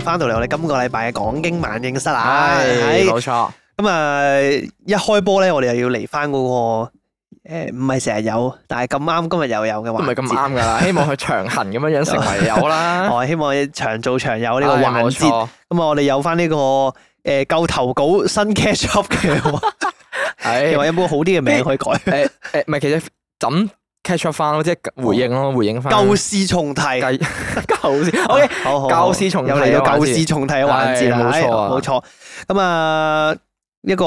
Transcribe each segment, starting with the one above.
翻到嚟，我哋今個禮拜嘅《講經萬應室》啦，冇錯。咁啊，一開波咧，我哋又要嚟翻嗰個誒，唔係成日有，但係咁啱今日又有嘅話，唔係咁啱噶啦。希望佢長行咁樣樣成為有啦，我、 哦、希望你長做長有呢個環節。咁啊，我哋有翻、這、呢個誒舊投稿新 catch up 嘅話，係話有冇好啲嘅名可以改？誒唔係，其實怎？catch up 翻即係回應咯，回應翻。舊事重提，舊事，OK，好好，事重又嚟到舊事重提嘅環節啦，冇錯，冇錯對。咁啊，啊，一個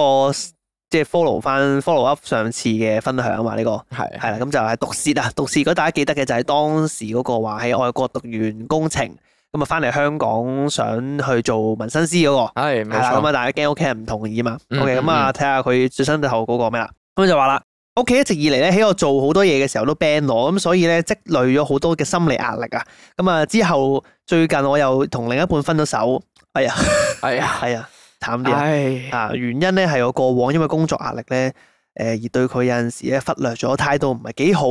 即係 follow 翻 follow up 上次嘅分享啊嘛，呢、這個係係啦，咁對就係、是、毒薛啊，毒薛。如果大家記得嘅就係當時嗰個話喺外國讀完工程，咁啊翻嚟香港想去做紋身師嗰、那個，係啦，咁啊大家驚屋企人唔同意嘛。OK，咁啊睇下佢最新頭嗰個咩啦，咁就話啦。屋企一直以嚟咧，喺我做好多嘢嘅時候都 ban 我，咁所以咧積累咗好多嘅心理壓力啊。咁啊之後最近我又同另一半分咗手，哎呀，係、哎、呀，係啊慘啲啊！原因咧係我過往因為工作壓力咧，誒、呃、而對佢有陣時咧忽略咗，態度唔係幾好。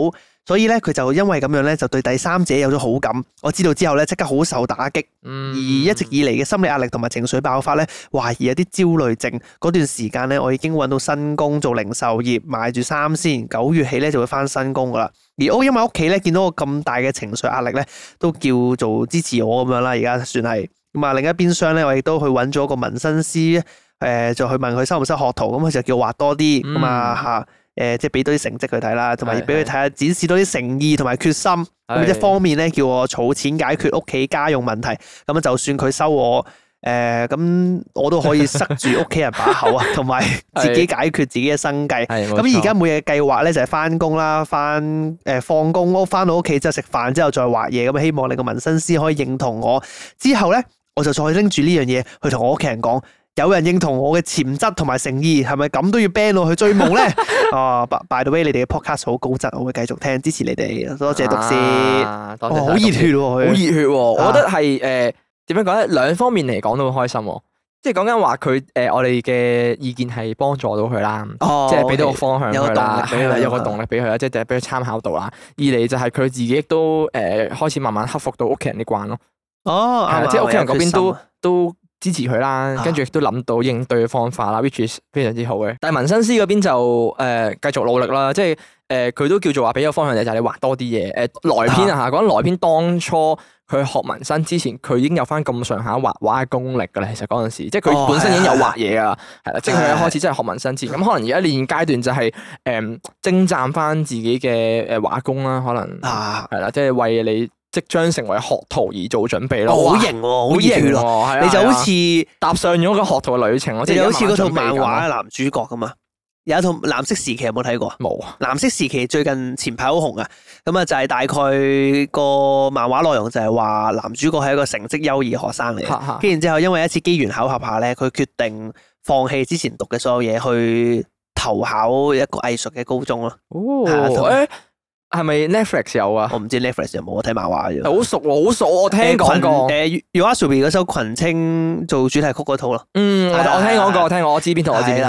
所以咧，佢就因為咁樣咧，就對第三者有咗好感。我知道之後咧，即刻好受打擊，而一直以嚟嘅心理壓力同埋情緒爆發咧，懷疑有啲焦慮症。嗰段時間咧，我已經揾到新工做零售業，賣住衫先。九月起咧就會翻新工噶啦。而屋因為屋企咧見到我咁大嘅情緒壓力咧，都叫做支持我咁樣啦。而家算係咁啊，另一邊廂咧，我亦都去揾咗個紋身師，誒、呃，就去問佢收唔收學徒，咁佢就叫畫多啲咁啊吓。嗯嗯誒、呃，即係俾多啲成績佢睇啦，同埋要俾佢睇下展示多啲誠意同埋決心咁是一方面咧，叫我儲錢解決屋企家用問題。咁是是 就算佢收我誒，咁、呃、我都可以塞住屋企人把口啊，同埋 自己解決自己嘅生計。咁而是是、呃、家每日嘅計劃咧就係翻工啦，翻誒放工屋，翻到屋企之後食飯之後再畫嘢。咁希望你個紋身師可以認同我。之後咧，我就再拎住呢樣嘢去同我屋企人講。有人認同我嘅潛質同埋誠意，係咪咁都要 ban 我去追夢咧？哦，by the way，你哋嘅 podcast 好高質，我會繼續聽，支持你哋，多謝多謝，好熱血，好熱血，我覺得係誒點樣講咧？兩方面嚟講都好開心哦，即係講緊話佢誒，我哋嘅意見係幫助到佢啦，即係俾到個方向佢啦，俾個有個動力俾佢即係俾佢參考到啦。二嚟就係佢自己都誒開始慢慢克服到屋企人啲慣咯。哦，係啊，即係屋企人嗰邊都都。支持佢啦，跟住亦都諗到應對嘅方法啦，which is 非常之好嘅。但係紋身師嗰邊就誒、呃、繼續努力啦，即係誒佢都叫做話俾個方向嘅，就係你畫多啲嘢。誒、呃、萊編啊嚇，講萊編。當初佢學紋身之前，佢已經有翻咁上下畫畫嘅功力㗎喇。其實嗰陣時，即係佢本身已經有畫嘢噶啦，啦、oh, 對。即係佢一開始真係學紋身前，咁 可能而家練階段就係誒精湛翻自己嘅誒畫功啦。可能係啦，即係、ah. 就是、為你。即將成為學徒而做準備咯，好型喎，好型喎，你就好似踏上咗個學徒嘅旅程，即係好似嗰套漫畫男主角咁啊！有一套藍色時期，有冇睇過？冇啊！無藍色時期最近前排好紅啊！咁啊，就係大概個漫畫內容就係話男主角係一個成績優異嘅學生嚟，跟住之後因為一次機緣巧合下呢，佢決定放棄之前讀嘅所有嘢，去投考一個藝術嘅高中咯。哦，欸。係咪 Netflix 有啊？我唔知 Netflix 有冇，我睇漫畫嘅。好熟，好熟，我聽講過。誒 YOASOBI 嗰首《群青》做主題曲嗰套咯。嗯，我聽講過，我聽過我知邊套，我自己。其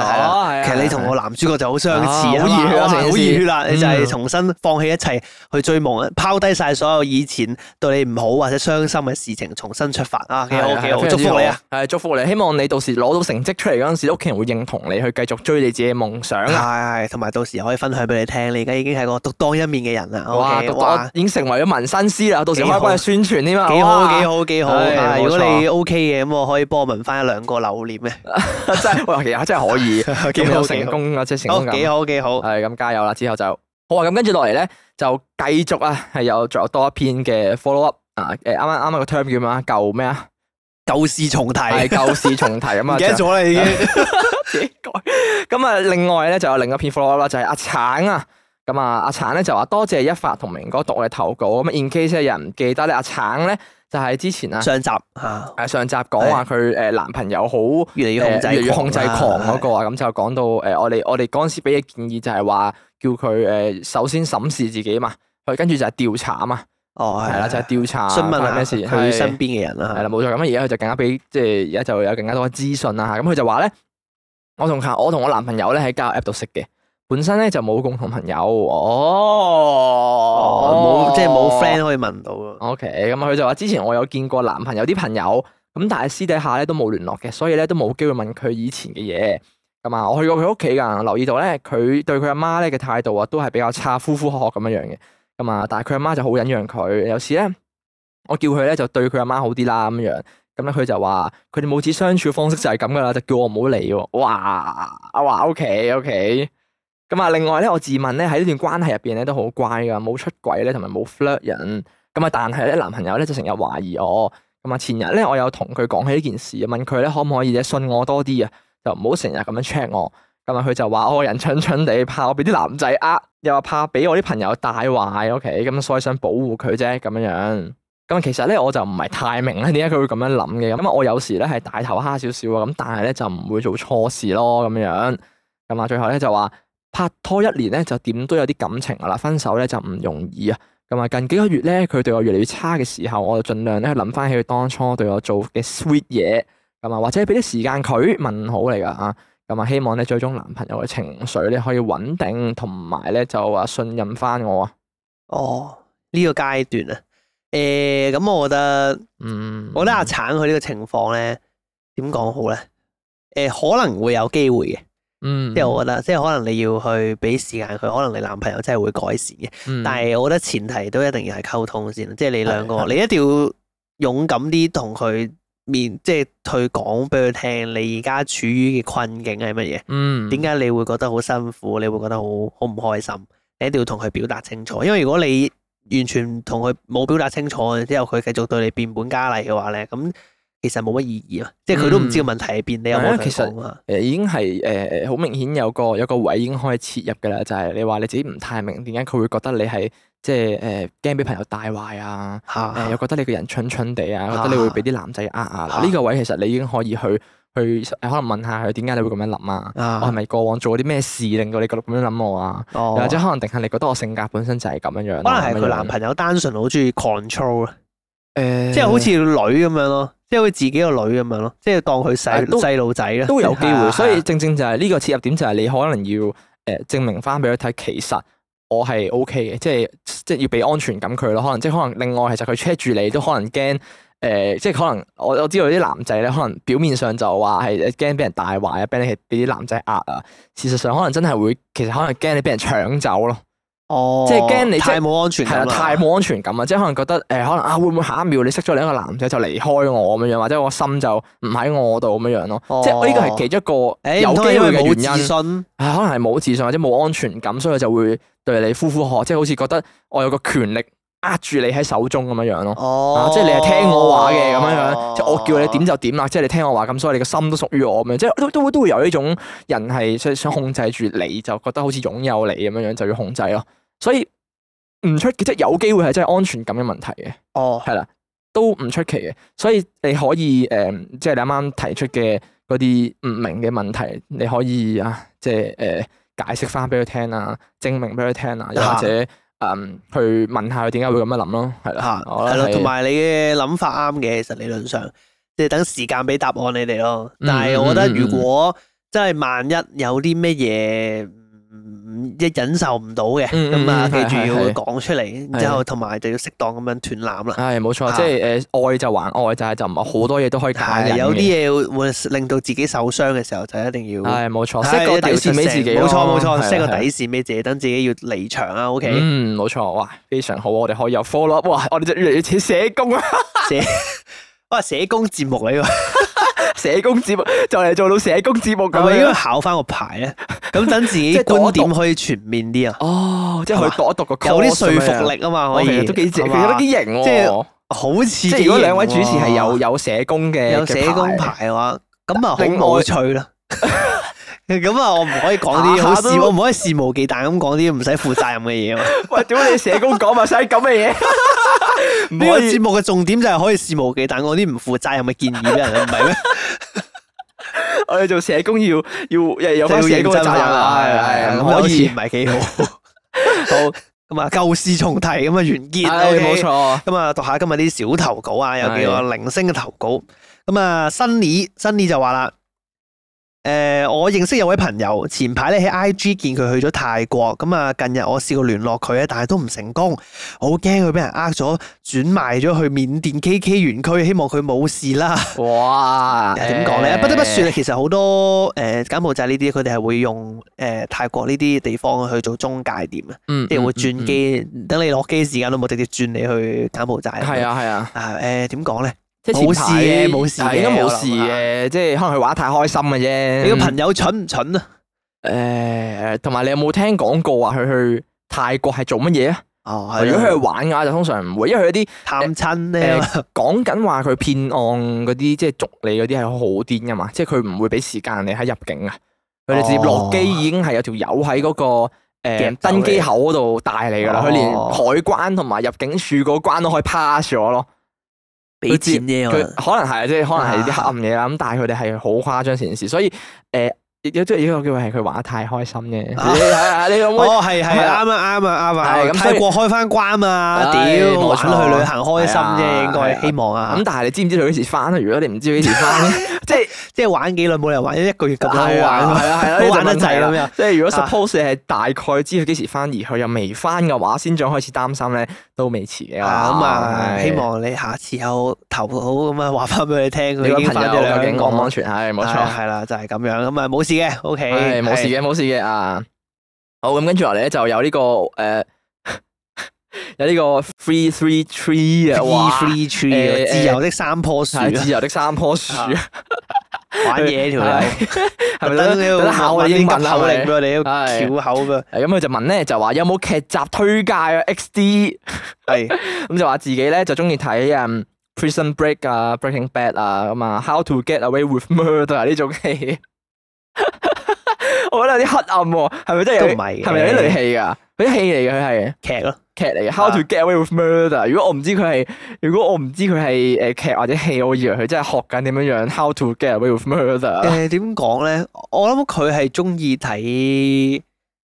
實你同個男主角就好相似，好熱血，好熱血啦！你就係重新放棄一切去追夢啊，拋低晒所有以前對你唔好或者傷心嘅事情，重新出發啊！幾好，幾好，祝福你啊！係祝福你，希望你到時攞到成績出嚟嗰陣時，屋企人會認同你去繼續追你自己嘅夢想。係係，同埋到時可以分享俾你聽，你而家已經係個獨當一面嘅。人啦，哇！已經成為咗紋身師啦，到時可以幫你宣傳啲嘛，幾好幾好幾好。如果你 OK 嘅，咁我可以幫我聞翻一兩個榴蓮嘅，真係其實真係可以，幾好成功啊！即係成功咁，幾好幾好，係咁加油啦！之後就好啊，咁跟住落嚟咧，就繼續啊，係有仲有多一篇嘅 follow up 啊。誒啱啱啱個 term 叫咩啊？舊咩啊？舊事重提，舊事重提咁啊！改咗啦已經，咁啊，另外咧就有另一篇 follow up 啦，就係阿橙啊。咁啊，阿橙咧就話多謝一發同明哥讀我哋投稿。咁啊，in case 嘅人唔記得咧，阿橙咧就係之前啊，上集吓，誒上集講話佢誒男朋友好越嚟越控制、越控制狂嗰、嗰個啊，咁就講到誒我哋我哋嗰陣時俾嘅建議就係話叫佢誒首先審視自己啊嘛，佢跟住就係調查啊嘛，嘛哦係啦，就係、是、調查詢問啊咩事佢身邊嘅人啦，係啦冇錯。咁而家佢就更加俾即係而家就有更加多嘅資訊啦吓，咁佢就話咧我同我同我男朋友咧喺交友 app 度識嘅。本身咧就冇共同朋友，哦，冇即係冇 friend 可以問到。O K，咁佢就話之前我有見過男朋友啲朋友，咁但係私底下咧都冇聯絡嘅，所以咧都冇機會問佢以前嘅嘢。咁啊，我去過佢屋企噶，留意到咧佢對佢阿媽咧嘅態度啊，都係比較差，呼呼喝喝咁樣樣嘅。咁啊，但係佢阿媽就好忍讓佢，有時咧我叫佢咧就對佢阿媽好啲啦，咁樣，咁咧佢就話佢哋母子相處方式就係咁噶啦，就叫我唔好理哇，啊哇，O K O K。Okay, okay. 咁啊，另外咧，我自問咧喺呢段關係入邊咧都好乖噶，冇出軌咧，同埋冇 flirt 人。咁啊，但係咧男朋友咧就成日懷疑我。咁啊，前日咧我有同佢講起呢件事，問佢咧可唔可以咧信我多啲啊？就唔好成日咁樣 check 我。咁啊，佢就話我人蠢蠢地，怕我俾啲男仔呃，又怕俾我啲朋友帶壞。OK，咁所以想保護佢啫咁樣樣。咁啊，其實咧我就唔係太明啊，點解佢會咁樣諗嘅？咁啊，我有時咧係大頭蝦少少啊，咁但係咧就唔會做錯事咯，咁樣樣。咁啊，最後咧就話。拍拖一年咧，就點都有啲感情噶啦，分手咧就唔容易啊。咁啊，近幾個月咧，佢對我越嚟越差嘅時候，我就盡量咧諗翻起佢當初對我做嘅 sweet 嘢，咁啊，或者俾啲時間佢問好嚟噶吓，咁啊，希望咧最終男朋友嘅情緒咧可以穩定，同埋咧就話信任翻我啊。哦，呢、這個階段啊，誒、呃，咁我覺得，嗯，我覺得阿橙佢呢個情況咧，點講好咧？誒、呃，可能會有機會嘅。嗯，即係我覺得，即係可能你要去俾時間佢，可能你男朋友真係會改善嘅。嗯、但係我覺得前提都一定要係溝通先，嗯、即係你兩個，嗯、你一定要勇敢啲同佢面，即係去講俾佢聽，你而家處於嘅困境係乜嘢？嗯，點解你會覺得好辛苦？你會覺得好好唔開心？你一定要同佢表達清楚，因為如果你完全同佢冇表達清楚之後，佢繼續對你變本加厲嘅話咧，咁。其實冇乜意義咯，即係佢都唔知個問題喺邊。嗯、你有冇其實誒，已經係誒好明顯有個有個位已經開始切入噶啦，就係、是、你話你自己唔太明點解佢會覺得你係即係誒驚俾朋友帶壞啊？又、呃、覺得你個人蠢蠢地啊，覺得你會俾啲男仔呃啊？呢個位其實你已經可以去去可能問下佢，點解你會咁樣諗啊？啊，我係咪過往做咗啲咩事令到你覺得咁樣諗我啊？又、哦、或者可能定係你覺得我性格本身就係咁樣樣？可能係佢男朋友單純好中意 control 誒，即係好似女咁樣咯，即係自己個女咁樣咯，即係當佢細細路仔咧，都有機會。是所以正正就係呢個切入點就係你可能要誒證明翻俾佢睇，其實我係 O K 嘅，即係即係要俾安全感佢咯。可能即係可能另外其實佢 check 住你，都可能驚誒，即係可能我我知道啲男仔咧，可能表面上就話係驚俾人帶壞啊，俾啲俾啲男仔呃啊，事實上可能真係會其實可能驚你俾人搶走咯。哦，即係驚你太冇安全感啊，太冇安全感啊，即係可能覺得誒，可能啊會唔會下一秒你識咗另一個男仔就離開我咁樣樣，或者我心就唔喺我度咁樣樣咯。哦、即係我呢個係其中一個有機會嘅原因、欸、因為冇自信，係可能係冇自信或者冇安全感，所以就會對你呼呼喝，即係好似覺得我有個權力。握住你喺手中咁樣樣咯，哦、即係你係聽我話嘅咁樣樣，哦、即係我叫你點就點啦，即係、哦、你聽我話咁，所以你個心都屬於我咁樣，即係都都會都會有呢種人係即想控制住你就覺得好似擁有你咁樣樣，就要控制咯，所以唔出即係有機會係真係安全感嘅問題嘅，哦，係啦，都唔出奇嘅，所以你可以誒、呃，即係你啱啱提出嘅嗰啲唔明嘅問題，你可以啊，即係誒解釋翻俾佢聽啊，證明俾佢聽啊，或者、啊。嗯，去問下佢點解會咁樣諗咯，係啦，係咯，同埋你嘅諗法啱嘅，其實理論上，即係等時間俾答案你哋咯。但係我覺得如果真係萬一有啲乜嘢。唔即忍受唔到嘅，咁啊，記住要講出嚟，然之後同埋就要適當咁樣斷纜啦。係冇錯，即係誒，愛就還愛，就係就唔係好多嘢都可以解忍。有啲嘢會令到自己受傷嘅時候，就一定要係冇錯 set 個底線俾自己，冇錯冇錯 set 個底線俾自己，等自己要離場啊。O K，嗯，冇錯，哇，非常好，我哋可以有 follow up，哇，我哋就越嚟越似社工啊，社哇社工節目嚟噶。社工節目就嚟做到社工節目咁，係咪應該考翻個牌咧？咁等自己觀點可以全面啲啊！哦，即係去讀一讀個，有啲說服力啊嘛！可以都幾正，佢都幾型喎，好似激！如果兩位主持係有有社工嘅，有社工牌嘅話，咁啊好冇趣啦！咁啊，我唔可以講啲好肆，我唔可以肆無忌憚咁講啲唔使負責任嘅嘢啊嘛！喂，點解你社工講埋晒咁嘅嘢！呢個節目嘅重點就係可以肆無忌憚， 我啲唔負責任嘅建議俾人，唔係咩？ 我哋做社工要要有咩社工責任啊？係係、 嗯，好似唔係幾好。好咁啊，舊事重提，咁啊完結。冇錯。咁啊，讀下今日啲小投稿啊，有幾個零星嘅投稿。咁啊的，新李新李就話啦。誒、呃，我認識有位朋友，前排咧喺 IG 見佢去咗泰國，咁啊近日我試過聯絡佢咧，但係都唔成功，好驚佢俾人呃咗，轉賣咗去緬甸 KK 園區，希望佢冇事啦。 哇！點講咧？說呢欸、不得不説其實好多誒柬埔寨呢啲，佢哋係會用誒泰國呢啲地方去做中介點啊，嗯嗯嗯嗯嗯即係會轉機，等你落機時間都冇，直接轉你去柬埔寨。係啊係啊！啊誒點講咧？即冇事嘅，冇事，應該冇事嘅。即係可能佢玩得太開心嘅啫。你個朋友蠢唔蠢啊？誒，同埋你有冇聽講過話佢去泰國係做乜嘢啊？哦，係。如果佢去玩嘅話，就通常唔會，因為佢有啲探親咧，講緊話佢騙案嗰啲，即係俗嚟嗰啲係好癲噶嘛。即係佢唔會俾時間你喺入境啊，佢哋直接落機已經係有條友喺嗰個登機口度帶你噶啦。佢連海關同埋入境處嗰關都可以 pass 咗咯。可能係，即係可能係啲黑暗嘢啦。咁但係佢哋係好誇張成件事，所以亦有啲有個叫係佢玩得太開心嘅。你你可唔可以係係啱啊啱啊啱啊！泰國開翻關嘛，屌玩去旅行開心啫，應該希望啊。咁但係你知唔知佢幾時翻啊？如果你唔知幾時翻咧？即係即係玩幾耐，冇理由玩，一個月咁耐玩，係啊係啊，玩得滯咁樣。即係如果 suppose 你係大概知佢幾時翻，而佢又未翻嘅話，先至開始擔心咧，都未遲嘅。咁啊，希望你下次有投好咁啊，話翻俾你聽，你個朋友究竟安唔安全？係冇錯，係啦，就係咁樣。咁啊，冇事嘅，OK，冇事嘅，冇事嘅啊。好，咁跟住落嚟咧，就有呢個誒。有呢個 Free Three Tree 啊，Free Three Tree 啊，自由的三棵樹，自由的三棵樹，玩嘢條友，係咯，有得考我英文口令咩？你啲翹口嘅，咁佢就問咧，就話有冇劇集推介啊？X D 係咁就話自己咧就中意睇啊 Prison Break 啊，Breaking Bad 啊，咁啊 How to Get Away with Murder 啊呢種戲，我覺得有啲黑暗，係咪真係？係咪有啲類戲噶？佢啲戲嚟嘅，佢係劇咯。劇嚟嘅，How to get away with murder？如果我唔知佢係，如果我唔知佢係誒劇或者戲，我以為佢真係學緊點樣樣，How to get away with murder？誒、呃，點講咧？我諗佢係中意睇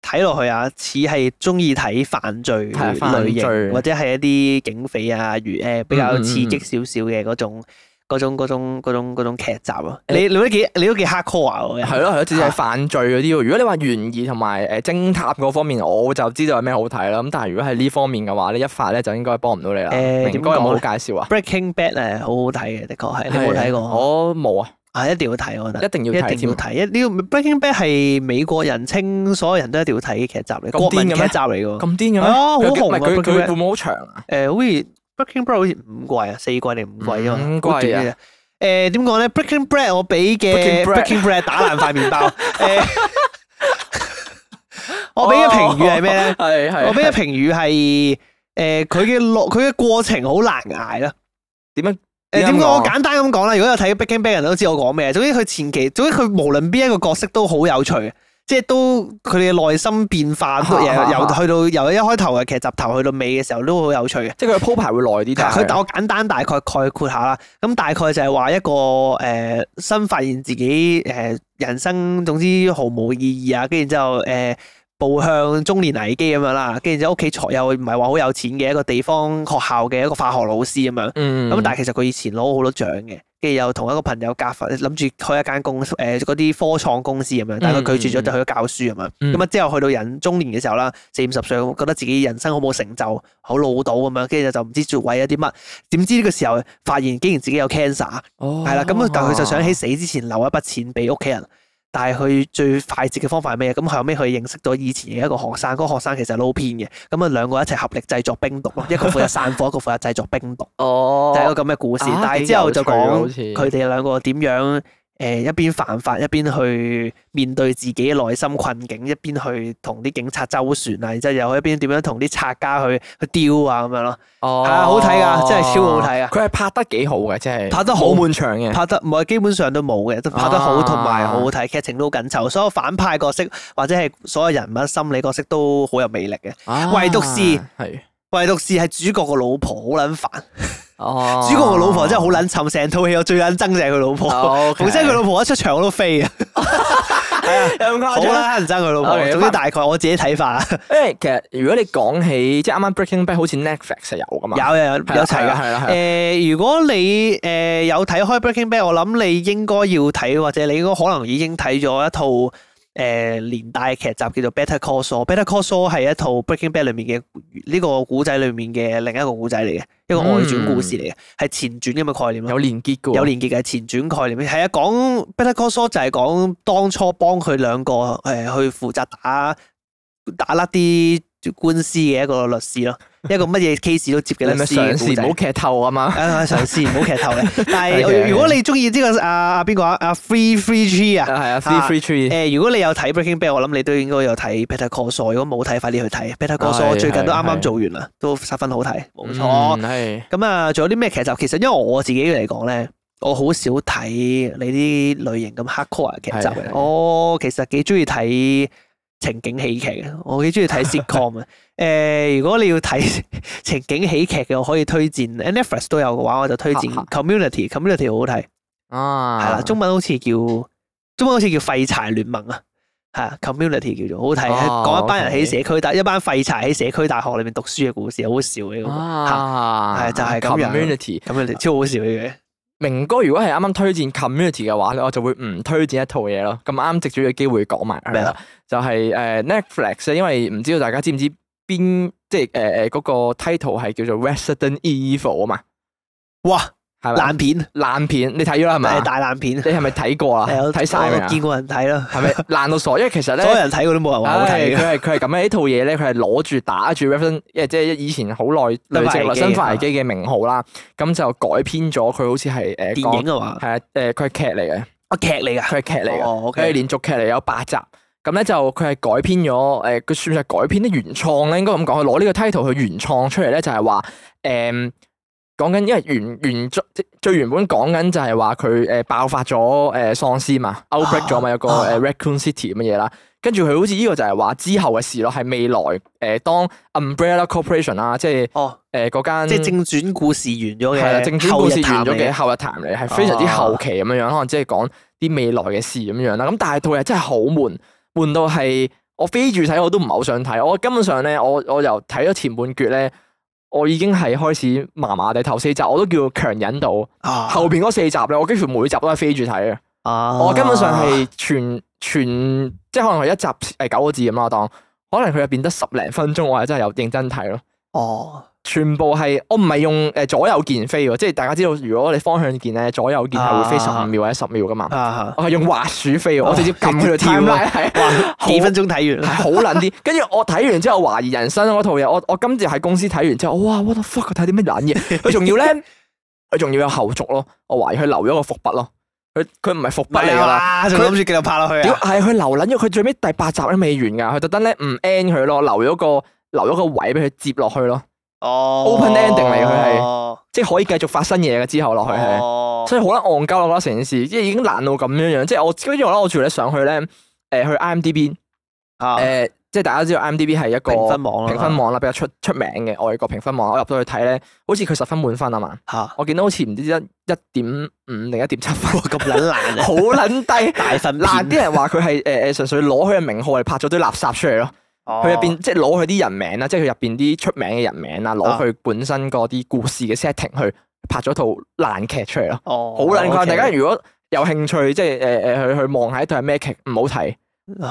睇落去啊，似係中意睇犯罪類型犯罪或者係一啲警匪啊，如誒、呃、比較刺激少少嘅嗰種。嗰種嗰種嗰種嗰種劇集啊，你你都幾你都幾 hardcore 啊，係咯係咯，即係犯罪嗰啲咯。如果你話懸疑同埋誒偵探嗰方面，我就知道有咩好睇啦。咁但係如果係呢方面嘅話咧，一發咧就應該幫唔到你啦。明哥有冇好介紹啊？Breaking Bad 誒，好好睇嘅，的確係。你有冇睇過？我冇啊，啊一定要睇，我覺得一定要一定要睇。呢個 Breaking Bad 係美國人稱所有人都一定要睇嘅劇集嚟，國民劇集嚟嘅，咁癲嘅咩？啊，好紅啊！佢佢父母好長啊？誒，好似。Breaking Bread 好似五季啊，四季定五季啊？五季啊？誒，點講咧？Breaking Bread 我俾嘅 Breaking Bread Breaking Bread 打爛塊麵包。誒，我俾嘅評語係咩咧？係係、哦。哦、我俾嘅評語係誒，佢嘅落佢嘅過程好難捱咯。點樣？誒，點講、呃？我簡單咁講啦。如果有睇 Breaking Bread 人都知我講咩。總之佢前期，總之佢無論邊一個角色都好有趣。即係都佢哋嘅內心變化都有，由去到由，由一開頭嘅劇集頭去到尾嘅時候都好有趣嘅。即係佢鋪排會耐啲，佢但 我簡單大概概括下啦。咁大概就係話一個誒、呃，新發現自己誒、呃，人生總之毫無意義啊。跟住之後誒。呃步向中年危機咁樣啦，跟住就屋企又唔係話好有錢嘅一個地方學校嘅一個化學老師咁樣，咁、嗯、但係其實佢以前攞好多獎嘅，跟住又同一個朋友夾份諗住開一間公誒嗰啲科創公司咁樣、呃，但係佢拒絕咗就去咗教書咁樣，咁啊、嗯嗯、之後去到人中年嘅時候啦，四五十歲覺得自己人生好冇成就，好老到咁樣，跟住就唔知做為咗啲乜，點知呢個時候發現竟然自己有 cancer，係啦，咁、哦、但佢就想起死之前留一筆錢俾屋企人。但係佢最快捷嘅方法係咩？咁後尾佢去認識到以前嘅一個學生，嗰、嗰個學生其實係撈片嘅，咁啊兩個一齊合力製作冰毒咯， 一個負責散貨，一個負責製作冰毒， 就係一個咁嘅故事。哦啊、但係之後就講佢哋兩個點樣，誒，一邊犯法，一邊去面對自己內心困境，一邊去同啲警察周旋啊，然之後又一邊點樣同啲拆家去去吊啊咁樣咯。哦，係啊，好睇噶，真係超好睇噶。佢係拍得幾好嘅，真係拍得好滿場嘅，拍得冇，基本上都冇嘅，都拍得好同埋、啊、好好睇，劇情都緊湊，所有反派角色或者係所有人物心理角色都好有魅力嘅，啊、唯獨是係唯獨是係主角個老婆好撚煩。 哦，oh, 主角個老婆真係好捻沉，成套戲我最捻憎就係佢老婆，總之佢老婆一出場我都飛啊，有咁誇張好啦，唔憎佢老婆，okay, 總之大概我自己睇法。因為 Okay, 其實如果你講起即係啱啱 Breaking Bad 好似 Netflix 係有噶嘛，有啊有齊噶。誒的、呃，如果你誒有睇開 Breaking Bad，我諗你應該要睇，或者你應該可能已經睇咗一套。誒連帶劇集叫做 Better Call Saul，Better Call Saul 係一套 Breaking Bad 裡面嘅呢個古仔裡面嘅另一個古仔嚟嘅，嗯、一個外傳故事嚟嘅，係前傳咁嘅概念咯。有連結嘅，有連結嘅前傳概念。係啊，講 Better Call Saul 就係、是、講當初幫佢兩個誒、啊、去負責打打甩啲官司嘅一個律師咯。一個乜嘢 case 都接幾多事嘅故事是是上，唔好劇透啊嘛、這個。啊，上次唔好劇透嘅。但、啊、係如果你中意呢個阿阿邊個阿阿 Free Three Tree 啊，係啊 Free Three Tree。誒、啊，如果你有睇 Breaking Bad，我諗你都應該有睇 Better Call Saul。如果冇睇，快啲去睇 Better Call Saul。哎、呀 我最近都啱啱做完啦，哎、呀 都十分好睇，冇錯。咁啊、嗯，仲、哎、有啲咩劇集？其實因為我自己嚟講咧，我好少睇你啲類型咁黑 core 嘅劇集嘅。哎、呀 我其實幾中意睇情景喜劇嘅，我幾中意睇 sitcom 啊。誒，如果你要睇情景喜劇嘅，我可以推薦《Analyze》都有嘅話，我就推薦《Community》，《Community》好好睇。啊，係啦，中文好似叫中文好似叫廢柴聯盟啊，係啊，《Community》叫做好睇，講一班人喺社區但一班廢柴喺社區大學裏面讀書嘅故事，好笑嘅。咁，係就係 Community，Community 超好笑嘅。明哥如果係啱啱推薦 community 嘅話咧，我就會唔推薦一套嘢咯。咁啱借住呢個機會講埋，就係誒 Netflix 因為唔知道大家知唔知邊，即係誒誒嗰個 title 係叫做 Resident Evil 啊嘛。哇！爛片，爛片，你睇咗啦，係咪？係大爛片。你係咪睇過啊？係啊，睇晒啦。我見過人睇咯。係咪爛到傻？因為其實咧，所有人睇過都冇人話好睇，佢係佢係咁樣呢套嘢咧，佢係攞住打住 Resident Evil 誒，即係以前好耐類似生化危機嘅名號啦。咁就改編咗，佢好似係誒電影嘅話，係啊，誒，佢係劇嚟嘅，啊，劇嚟嘅，佢係劇嚟嘅，佢係連續劇嚟，有八集。咁咧就佢係改編咗，誒，佢算係改編啲原創咧，應該咁講。佢攞呢個 title 去原創出嚟咧，就係話誒。講緊，因為原原最最原本講緊就係話佢誒爆發咗誒喪屍嘛、啊、，outbreak 咗嘛，有個誒 Raccoon City 咁嘅嘢啦，跟住佢好似呢個就係話之後嘅事咯，係未來誒當 Umbrella Corporation 啦，哦呃、即係誒嗰間即係正傳故事完咗嘅，係啦，正傳故事完咗嘅後日談嚟，係、啊、非常之後期咁樣樣，可能即係講啲未來嘅事咁樣啦。咁、啊啊、但係套嘢真係好悶，悶到係我飛住睇，我都唔係好想睇。我根本上咧，我我由睇咗前半橛咧。我已經係開始麻麻地，頭四集我都叫強忍到，啊、後邊嗰四集咧，我幾乎每集都係飛住睇嘅，啊、我根本上係全全，即係可能係一集誒、欸、九個字咁我當，可能佢入邊得十零分鐘，我係真係有認真睇咯。哦全部係我唔係用誒、呃、左右鍵飛喎，即係大家知道，如果你方向鍵咧，左右鍵係會飛十五秒或者十秒噶嘛。啊啊、我係用滑鼠飛，哦、我直接撳佢度跳。係咪、啊、 好幾分鐘睇完，好撚啲。跟住我睇完之後懷疑人生嗰套嘢，我我今次喺公司睇完之後，哇，what the fuck，睇啲乜撚嘢？佢仲 要咧，佢仲要有後續咯。我懷疑佢留咗個伏筆咯。佢佢唔係伏筆嚟噶，佢諗住繼續拍落去啊？係佢留撚咗，佢最尾第八集都未完噶，佢特登咧唔 end 佢咯，留咗個留咗個個位俾佢接落去咯。open ending 嚟，佢係即係可以繼續發生嘢嘅之後落去係，所以好撚戇鳩啊！我覺得成件事即係已經爛到咁樣樣，即係我跟住我咧，我住咧上去咧，誒去 IMDB，誒即係大家知道 IMDB 係一個評分網啦，評分網啦比較出出名嘅外國評分網，我入到去睇咧，好似佢十分滿分啊嘛，吓我見到好似唔知一一點五定一點七分咁撚爛，好撚低，大爛啲人話佢係誒純粹攞佢嘅名號嚟拍咗堆垃圾出嚟咯。佢入邊即係攞佢啲人名啦，即係佢入邊啲出名嘅人名啦，攞佢本身嗰啲故事嘅 setting 去拍咗套爛劇出嚟咯。好爛劇，哦 okay、大家如果有興趣，即係誒誒去去望下一套係咩劇，唔、呃、好睇，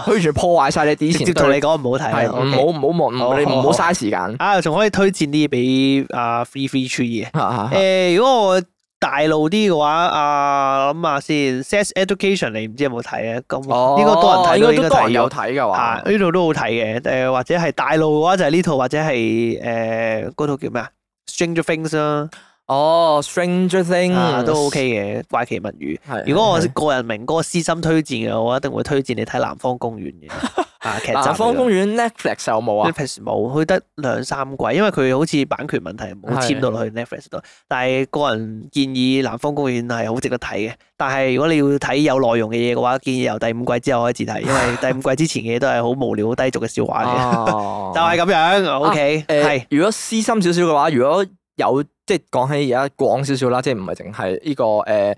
推住、哦、破壞晒你啲。直接同你講唔、哦、好睇，唔好唔好望，你唔好嘥時間。啊，仲可以推薦啲俾阿 Free、uh, Three Tree 嘅。誒， 如果我。大路啲嘅話，啊諗下先，Sex Education 你唔知有冇睇咧？咁呢個多人睇，應該都多人有睇嘅話，呢度都好睇嘅。誒、呃、或者係大路嘅話，就係呢套，或者係誒嗰套叫咩 Str 啊？Stranger Things 咯。哦、oh，Stranger Things 都 OK 嘅怪奇物語。的如果我個人明哥的私心推薦嘅，我一定會推薦你睇南方公園嘅。 啊，其實、這個、 南方公園 Netflix 有冇啊？Netflix 冇，佢得兩三季，因為佢好似版權問題冇簽到落去的 Netflix 度。但係個人建議南方公園係好值得睇嘅。但係如果你要睇有內容嘅嘢嘅話，建議由第五季之後開始睇，因為第五季之前嘅嘢都係好無聊、好低俗嘅笑話嚟。哦、 啊， 就係咁樣。OK，係、啊呃、是如果私心少少嘅話，如果。有即係講起而家廣少少啦，即係唔係淨係呢個誒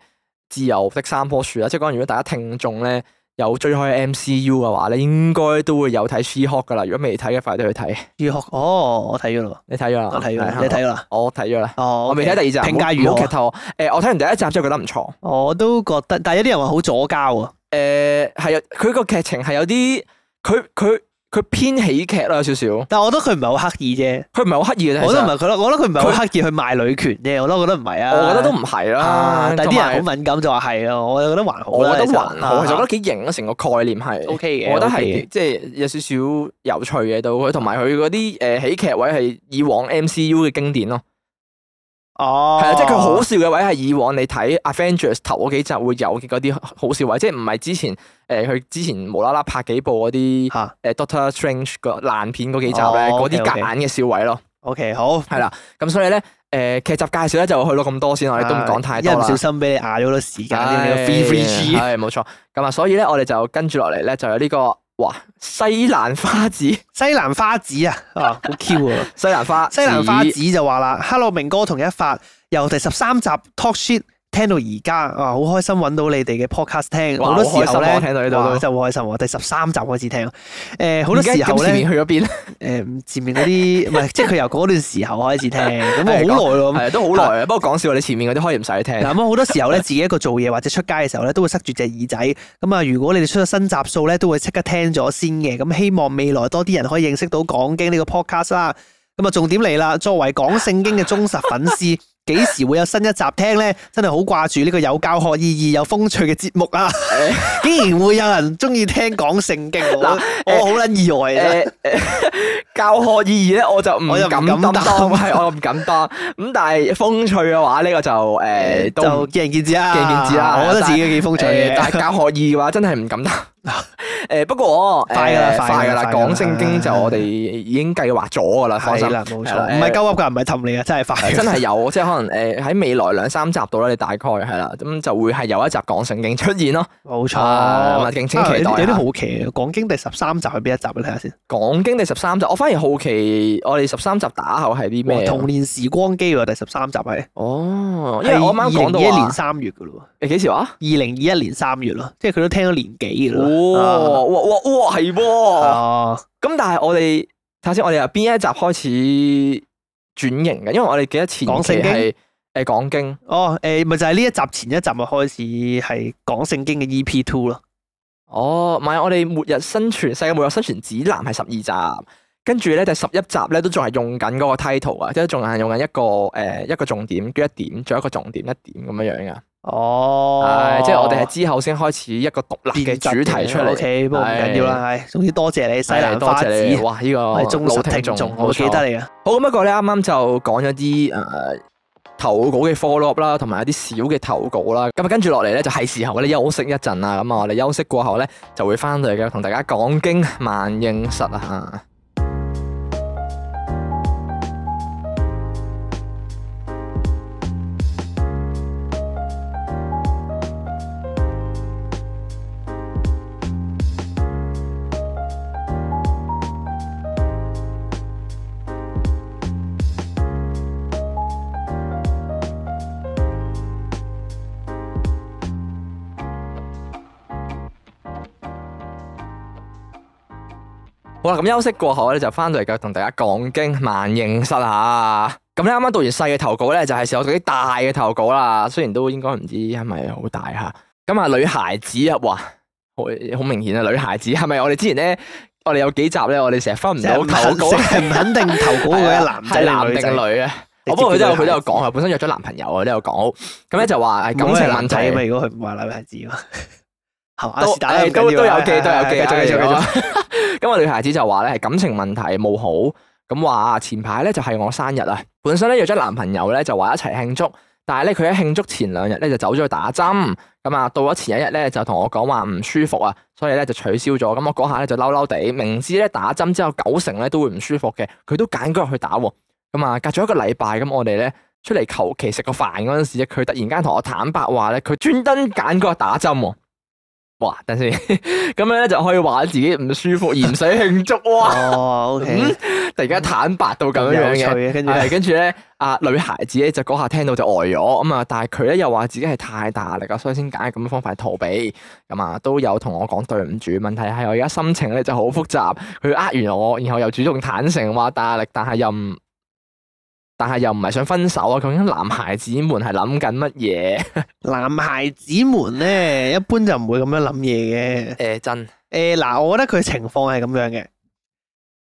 自由的三棵樹啦。即係講如果大家聽眾咧有追開 MCU 嘅話咧，應該都會有睇《She Hulk》噶啦。如果未睇嘅快啲去睇《She Hulk》。哦，我睇咗啦，你睇咗啦，我睇咗啦，你睇咗啦，我睇咗啦。哦，我未睇第二集《評價 She Hulk 劇透》。誒，我睇完第一集之後覺得唔錯，我都覺得，但係有啲人話好左交啊。誒，係啊，佢個劇情係有啲，佢佢。佢偏喜劇啦，有少少，但係我覺得佢唔係好刻意啫，佢唔係好刻意啫。我覺得唔係佢咯，我覺得佢唔係好刻意去賣女權啫。我覺得唔係啊，我覺得都唔係啦。但係啲人好敏感就話係啊，我就覺得還好，我覺得還好，其實我覺得幾型啊，成個概念係 OK 嘅。我覺得係即係有少少有趣嘅到佢，同埋佢嗰啲誒喜劇位係以往 MCU 嘅經典咯。哦，係啊，即係佢好笑嘅位係以往你睇《Avengers》頭嗰幾集會有嘅嗰啲好笑位，即係唔係之前誒、呃、佢之前無啦啦拍幾部嗰啲吓誒 Doctor Strange 個爛片嗰幾集咧、哦，嗰啲夾硬嘅笑位咯。OK，好，係啦，咁所以咧誒劇集介紹咧就去到咁多先，我哋都唔講太多、哎，因為一唔小心俾你壓咗好多時間。Free Three Tree，係冇錯。咁啊，所以咧我哋就跟住落嚟咧就有呢、這個。哇！西蘭花子，西蘭花子啊，啊，好 Q 啊！ 西蘭花，西蘭花子就話啦 ，Hello 明哥同一發由第十三集 talk shit。聽到而家啊，好開心揾到你哋嘅 podcast 聽。好多時候咧聽到呢度真係好開心。第十三集開始聽，誒好多時候咧，前邊去咗邊？誒前邊嗰啲唔係，即係佢由嗰段時候開始聽，咁啊好耐咯，係都好耐啊。不過講笑話，你前面嗰啲可以唔使聽。嗱咁好多時候咧，自己一個做嘢或者出街嘅時候咧，都會塞住隻耳仔。咁啊，如果你哋出咗新集數咧，都會即刻聽咗先嘅。咁希望未來多啲人可以認識到講經呢個 podcast 啦。咁啊，重點嚟啦，作為講聖經嘅忠實粉絲。幾時會有新一集聽呢？真係好掛住呢個有教學意義、有風趣嘅節目啊！ 竟然會有人中意聽講聖經，我好撚喇意外。教學意義呢，我就唔敢當，係我唔敢當。咁 但係風趣嘅話呢我、這個、就誒，就見仁見智啦。見仁見智啦，啊、我覺得自己嘅幾風趣嘅，但係是 教學意義嘅話，真係唔敢當。誒，不過快噶啦，快噶啦！講聖經就我哋已經計劃咗噶啦，放心啦，冇錯，唔係鳩噏噶，唔係氹你噶，真係快，真係有，即係可能誒，喺未來兩三集度啦，你大概係啦，咁就會係有一集講聖經出現咯，冇錯，敬請期待啊！有啲好奇啊，講經第十三集係邊一集咧？睇下先。講經第十三集，我反而好奇，我哋十三集打後係啲咩？童年時光機喎，第十三集係。哦，因為我啱講到一年三月噶咯，你幾時話？二零二一年三月咯，即係佢都聽到年幾噶咯。哦，哇哇哇，係咁、啊、但係我哋睇下先，我哋由邊一集開始轉型嘅？因為我哋記得前期係誒講經。欸、經哦，誒、欸，咪就係呢一集前一集咪開始係講聖經嘅 E P two 咯。哦，唔係，我哋末日生存世界末日生存指南係十二集，跟住咧第十一集咧都仲係用緊嗰 title 啊，即係仲係用緊一個誒一個重點，叫一,一點，仲有一個重點，一點咁樣樣噶。哦，oh, 即係我哋係之後先開始一個獨立嘅主題出嚟，OK，不過唔緊要啦，係，總之多謝你西蘭花子，哇，呢個老聽眾，我記得你啊。好，咁不過咧，啱啱就講咗啲誒投稿嘅 followup 啦，同埋一啲小嘅投稿啦。咁啊，跟住落嚟咧就係時候我哋休息一陣啦。咁啊，我哋休息過後咧就會翻嚟嘅，同大家講經萬應室啊。好啦，咁休息過後咧就翻到嚟繼續同大家講經萬應室下。咁你啱啱讀完細嘅投稿咧，就係時候讀啲大嘅投稿啦。雖然都應該唔知係咪好大吓。咁啊，女孩子啊，哇，好明顯啊，女孩子係咪？我哋之前咧，我哋有幾集咧，我哋成日分唔到投稿係唔肯定投稿嘅男仔 男定女咧。女我不過佢都佢都有講，佢本身約咗男朋友啊，都有講。咁咧就話感情問題咪如果佢話女孩子嘛。好、 啊，阿是達都都有記，都有記，繼續繼續。 咁啊，女孩子就話咧感情問題冇好，咁話前排咧就係我生日啊，本身咧約咗男朋友咧就話一齊慶祝，但係咧佢喺慶祝前兩日咧就走咗去打針，咁啊到咗前一日咧就同我講話唔舒服啊，所以咧就取消咗，咁我嗰下咧就嬲嬲地，明知咧打針之後九成咧都會唔舒服嘅，佢都揀嗰日去打喎，咁啊隔咗一個禮拜咁我哋咧出嚟求其食個飯嗰陣時，佢突然間同我坦白話咧，佢專登揀嗰日去打針喎。哇！等先，咁樣咧就可以話自己唔舒服而唔使慶祝哇、哦、！O、okay, K，、嗯、突然間坦白到咁樣樣嘅、嗯，跟住、啊，跟住咧，阿、呃、女孩子咧就嗰下聽到就呆咗咁啊！但係佢咧又話自己係太大壓力啊，所以先揀咁嘅方法逃避。咁、嗯、啊，都有同我講對唔住，問題係我而家心情咧就好複雜。佢呃完我，然後又主動坦誠話大壓力，但係又唔。但係又唔係想分手啊？究竟男孩子們係諗緊乜嘢？ 男孩子們咧，一般就唔會咁樣諗嘢嘅。誒、欸，真誒，嗱、欸，我覺得佢情況係咁樣嘅。誒、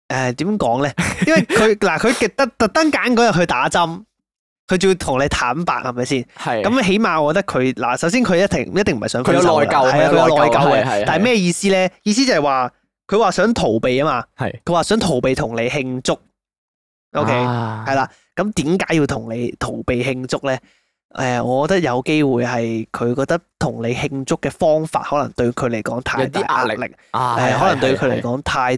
呃，點講咧？因為佢嗱，佢極得特登揀嗰日去打針，佢仲要同你坦白，係咪先？係是。咁起碼我覺得佢嗱，首先佢一定一定唔係想分手，佢有內疚嘅，佢有內疚嘅。疚的但係咩意思咧？意思就係話佢話想逃避啊嘛。係是。佢話想逃避同你慶祝。O.K. 係啦，咁點解要同你逃避慶祝咧？誒，我覺得有機會係佢覺得同你慶祝嘅方法，可能對佢嚟講太啲壓力力，誒，可能對佢嚟講太，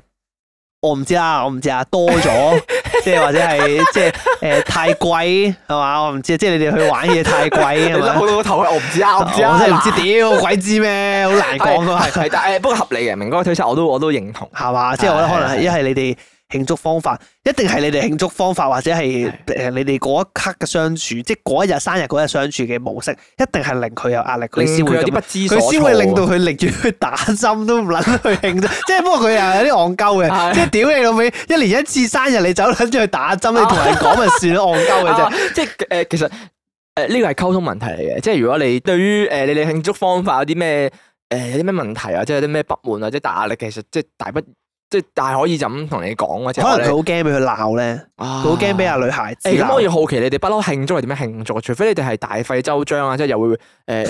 我唔知啊，我唔知啊，多咗，即係或者係即係誒太貴，係嘛？我唔知，即係你哋去玩嘢太貴，係嘛？我頭我唔知啊，我真係唔知，屌鬼知咩？好難講咯，係但係不過合理嘅，明哥嘅推測我都我都認同，係嘛？即係我覺得可能係一係你哋。慶祝方法一定係你哋慶祝方法，或者係誒你哋嗰一刻嘅相處，是 即係嗰一日生日嗰日相處嘅模式，一定係令佢有壓力。佢先會有啲不知所措，佢先會令到佢拎住去打針都唔捻去慶祝。 即係不過佢又有啲戇鳩嘅，即係屌你老味，一年一次生日你走捻住去打針， 你同人講咪算咯，戇鳩嘅啫。即係誒，其實誒呢個係溝通問題嚟嘅。即係如果你對於誒你哋慶祝方法有啲咩誒有啲咩問題啊，即係有啲咩不滿啊，即大壓力，其實即係大不。即係，但係可以就咁同你講或者。可能佢好驚俾佢鬧咧，佢好驚俾阿女孩子。咁、欸、我要好奇，你哋不嬲慶祝係點樣慶祝？除非你哋係大費周章啊，即係又會誒誒、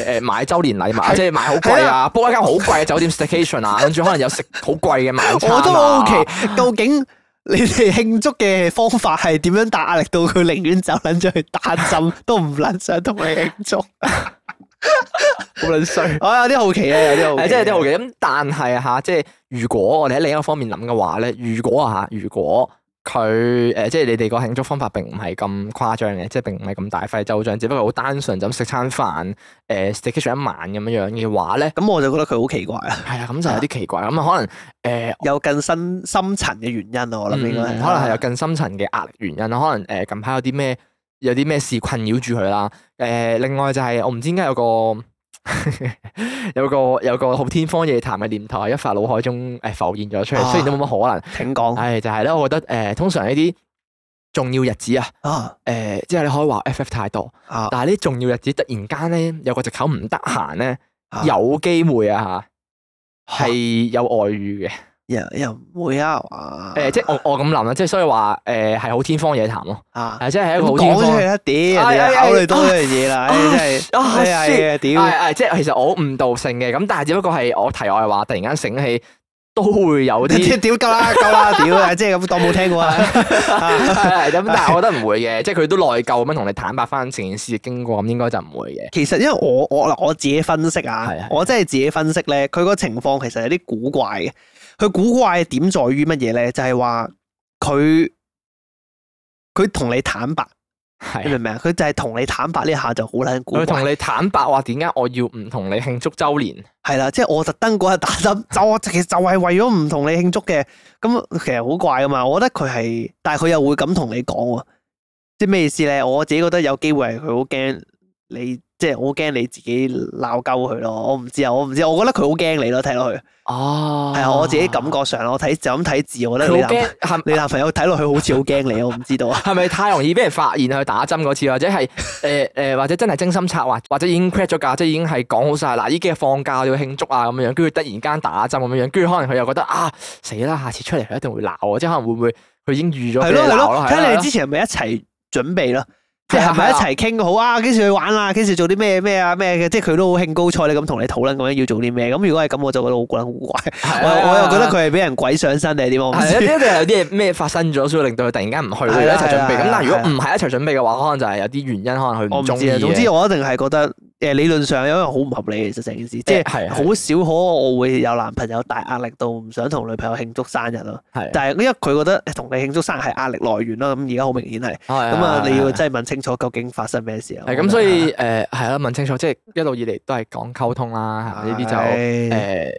呃、買周年禮物，是即係買好貴啊 book 一間好貴嘅酒店 staycation 啊，跟 住可能有食好貴嘅晚餐。 我都好，好奇，究竟你哋慶祝嘅方法係點樣？大壓力到佢寧願走捻住去打針， 都唔捻想同你慶祝。 好卵衰！我 有啲好奇啊，有啲係真係有啲好奇。咁 但係吓，即係如果我哋喺另一個方面諗嘅話咧，如果吓，如果佢誒、呃，即係你哋個慶祝方法並唔係咁誇張嘅，即係並唔係咁大費周章，只不過好單純咁食餐飯，誒、呃、Staycation 一晚咁樣樣嘅話咧，咁我就覺得佢好奇怪 啊。係啊，咁就有啲奇怪。咁啊，可能誒有更深深層嘅原因啊，我諗應該可能係有更深層嘅壓力原因。可能誒近排有啲咩？有啲咩事困擾住佢啦？誒、呃，另外就係我唔知點解有個 有個有個好天方夜譚嘅念頭，喺一發腦海中誒浮現咗出嚟，啊、雖然都冇乜可能。請講。誒，就係咧，我覺得誒、呃，通常呢啲重要日子啊，誒、呃，即、就、係、是、你可以話 FF 太多，啊、但係呢重要日子突然間咧有個藉口唔得閒咧，啊、有機會啊嚇係有外遇嘅。又又唔會啊？誒，即係我我咁諗啦，即係所以話誒係好天方夜譚咯。啊，即係一個講出嚟啦，考慮多呢樣嘢啦，真係係係啊，屌！係係即係其實我誤導性嘅，咁但係只不過係我題外話，突然間醒起都會有啲屌夠啦，夠啦，屌！即係咁當冇聽過啊。咁但係我覺得唔會嘅，即係佢都內疚咁樣同你坦白翻成件事嘅經過，咁應該就唔會嘅。其實因為我我我自己分析啊，我真係自己分析咧，佢個情況其實有啲古怪嘅。佢古怪嘅點在於乜嘢咧？就係話佢佢同你坦白，的你明唔明啊？佢就係同你坦白呢下就好捻古怪。佢同你坦白話，點解我要唔同你慶祝周年？係啦，即係我特登嗰日打針，就其實就係為咗唔同你慶祝嘅。咁 其實好怪噶嘛？我覺得佢係，但係佢又會咁同你講，即係咩意思咧？我自己覺得有機會係佢好驚你。即係我驚你自己鬧鳩佢咯，我唔知啊，我唔知，我覺得佢好驚你咯，睇落去。哦、啊，係啊，我自己感覺上咯，我睇就咁睇字，我覺得你男你男朋友睇落去好似好驚你， 我唔知道啊。係咪太容易俾人發現去打針嗰次，或者係誒誒，或者真係精心策劃，或者已經 plan 咗架，即係已經係講好晒啦，呢幾日放假要慶祝啊咁樣樣，跟住突然間打針咁樣樣，跟住可能佢又覺得啊死啦，下次出嚟佢一定會鬧啊，即係可能會唔會佢已經預咗俾鬧？係咯，睇你哋之前係咪一齊準備咯。即係係咪一齊傾好啊？幾時去玩啊，幾時做啲咩咩啊？咩嘅？即係佢都好興高采烈咁同你討論咁樣要做啲咩？咁如果係咁，我就覺得好鬼好怪。 對我我又覺得佢係俾人鬼上身定係點啊？係啊，一定係有啲嘢咩發生咗，所以令到佢突然間唔去，唔一齊準備。咁但係如果唔係一齊準備嘅話，可能就係有啲原因，可能去唔到。我唔知啊，總之我一定係覺得。理論上，因為好唔合理，其實成件事即係好少可我會有男朋友大壓力到唔想同女朋友慶祝生日咯。係，但係因為佢覺得同你慶祝生日係壓力來源啦。咁而家好明顯係，咁啊你要即係問清楚究竟發生咩事啊？係咁，所以誒係啦，問清楚，即係一路以嚟都係講溝通啦。係呢啲就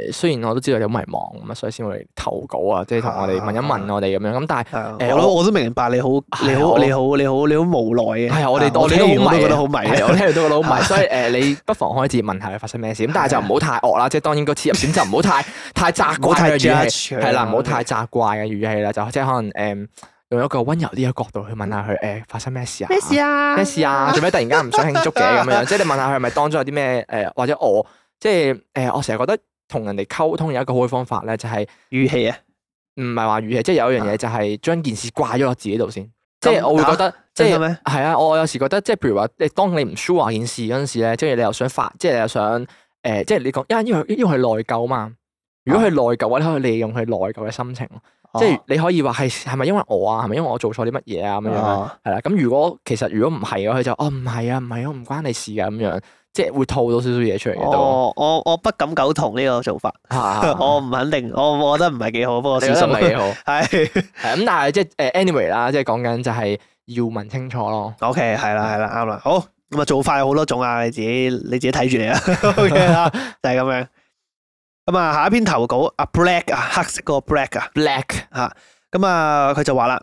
誒，雖然我都知道有迷惘咁啊，所以先會嚟投稿啊，即係同我哋問一問我哋咁樣。咁但係我都明白你好你好你好你好你好無奈嘅。係，我哋多啲會唔會覺得好迷我聽到個老迷，所以誒。你不妨開始問下佢發生咩事，咁但係就唔好太惡啦，即係當然個切入點就唔好太太責怪嘅語氣，係啦，唔好太責怪嘅語氣啦，就即係可能誒、嗯、用一個溫柔啲嘅角度去問下佢誒發生咩事啊？咩事啊？咩事啊？做咩突然間唔想慶祝嘅咁樣？ 即係你問下佢係咪當中有啲咩誒，或者我即係誒、呃，我成日覺得同人哋溝通有一個好嘅方法咧，就係、是、語氣啊，唔係話語氣，即係有一樣嘢 就係將件事掛咗喺自己度先。.即係我會覺得，啊、即係是係啊！我有時覺得，即係譬如話，你當你唔 sure 嗰件事嗰陣時咧，即係你又想發，即係又想誒、呃，即係你講，因為因為因為係內疚啊嘛。如果佢內疚，你可以利用佢內疚嘅心情，哦、即係你可以話係係咪因為我啊？係咪因，因為我做錯啲乜嘢啊？咁、哦、樣係啦。咁如果其實如果唔係、哦、啊，佢就哦唔係啊，唔係我唔關你事㗎咁樣。即係會吐到少少嘢出嚟、oh。嘅。我我不敢苟同呢個做法。吓、啊，我唔肯定，我我覺得唔係幾好，不過小心係幾好。係咁，是 但係即係誒，anyway 啦，即係講緊就係要問清楚咯。O K，係啦，係啦，啱啦。好咁啊，做法有好多種啊，你自己你自己睇住嚟啊。O K，啊，就係咁樣。咁啊，下一篇投稿啊，Black 啊，黑色個 Black 啊，Black 吓、嗯。咁、嗯、啊，佢就話啦，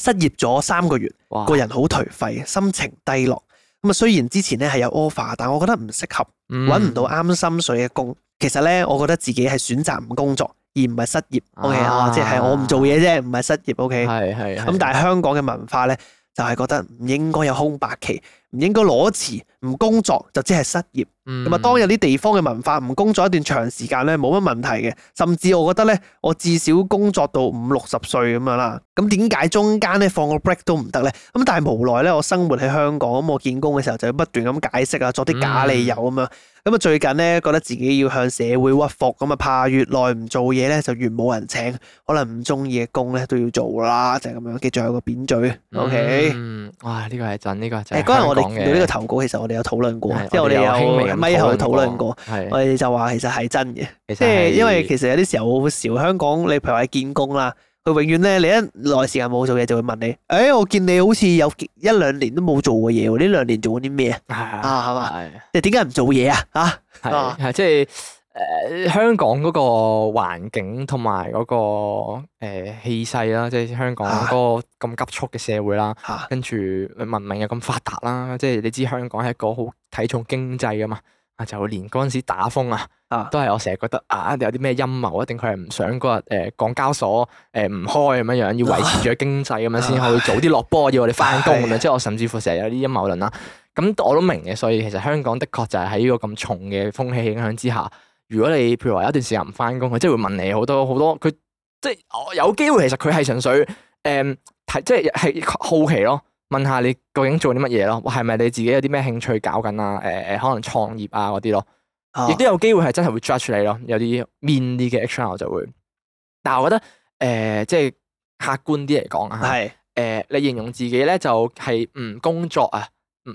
失業咗三個月，個人好頹廢，心情低落。咁啊，雖然之前咧係有 offer，但係我覺得唔適合，揾唔、嗯、到啱心水嘅工。其實咧，我覺得自己係選擇唔工作，而唔係失業。O K 啊，即係啊，我唔做嘢啫，唔係失業。O K，係係啊。咁但係香港嘅文化咧，就係覺得唔應該有空白期，唔應該裸辭，唔工作就即係失業。咁啊、嗯，當有啲地方嘅文化唔工作一段長時間咧，冇乜問題嘅。甚至我覺得咧，我至少工作到五六十歲咁樣啦。咁點解中間咧放個 break 都唔得咧？咁但係無奈咧，我生活喺香港，咁我見工嘅時候就要不斷咁解釋啊，作啲假理由咁樣。嗯咁啊最近咧，覺得自己要向社會屈服，咁啊怕越耐唔做嘢咧，就越冇人請，可能唔中意嘅工咧都要做啦，就係咁樣。跟住仲有個扁嘴，O K，嗯，哇，呢個係真，呢個係真。誒，嗰日我哋對呢個投稿，其實我哋有討論過，即係我哋有咪後討論過，我哋就話其實係真嘅，即係因為其實有啲時候我會笑香港，你譬如話見工啦。佢永遠咧，你一耐時間冇做嘢，就會問你，誒、哎，我見你好似有一兩年都冇做過嘢喎，呢兩年做過啲咩啊？啊吧，係嘛？即係點解唔做嘢啊？啊，係係即係誒，香港嗰個環境同埋嗰個誒氣勢啦，即係香港嗰個咁急速嘅社會啦，啊、跟住文明又咁發達啦，即係你知香港係一個好睇重經濟噶嘛。啊，就連嗰陣時打風啊，都係我成日覺得啊，有啲咩陰謀，一定佢係唔想嗰日誒，港交所誒唔、呃、開咁樣樣，要維持住經濟咁樣先可以早啲落波，要我哋翻工咁樣，哎、呀即係我甚至乎成日有啲陰謀論啦。咁我都明嘅，所以其實香港的確就係喺呢個咁重嘅風氣影響之下，如果你譬如話有一段時間唔翻工，佢即係會問你好多好多，佢即係我有機會，其實佢係純粹誒，睇、嗯、即係係好奇咯。問下你究竟做啲乜嘢咯？係咪你自己有啲咩興趣搞緊啊？誒、呃、誒，可能創業啊嗰啲咯，亦都、啊、有機會係真係會 judge 你咯，有啲面啲嘅 action 我就會。但係我覺得誒，即、呃、係、就是、客觀啲嚟講啊，係、呃、誒，你形容自己咧就係唔工作啊，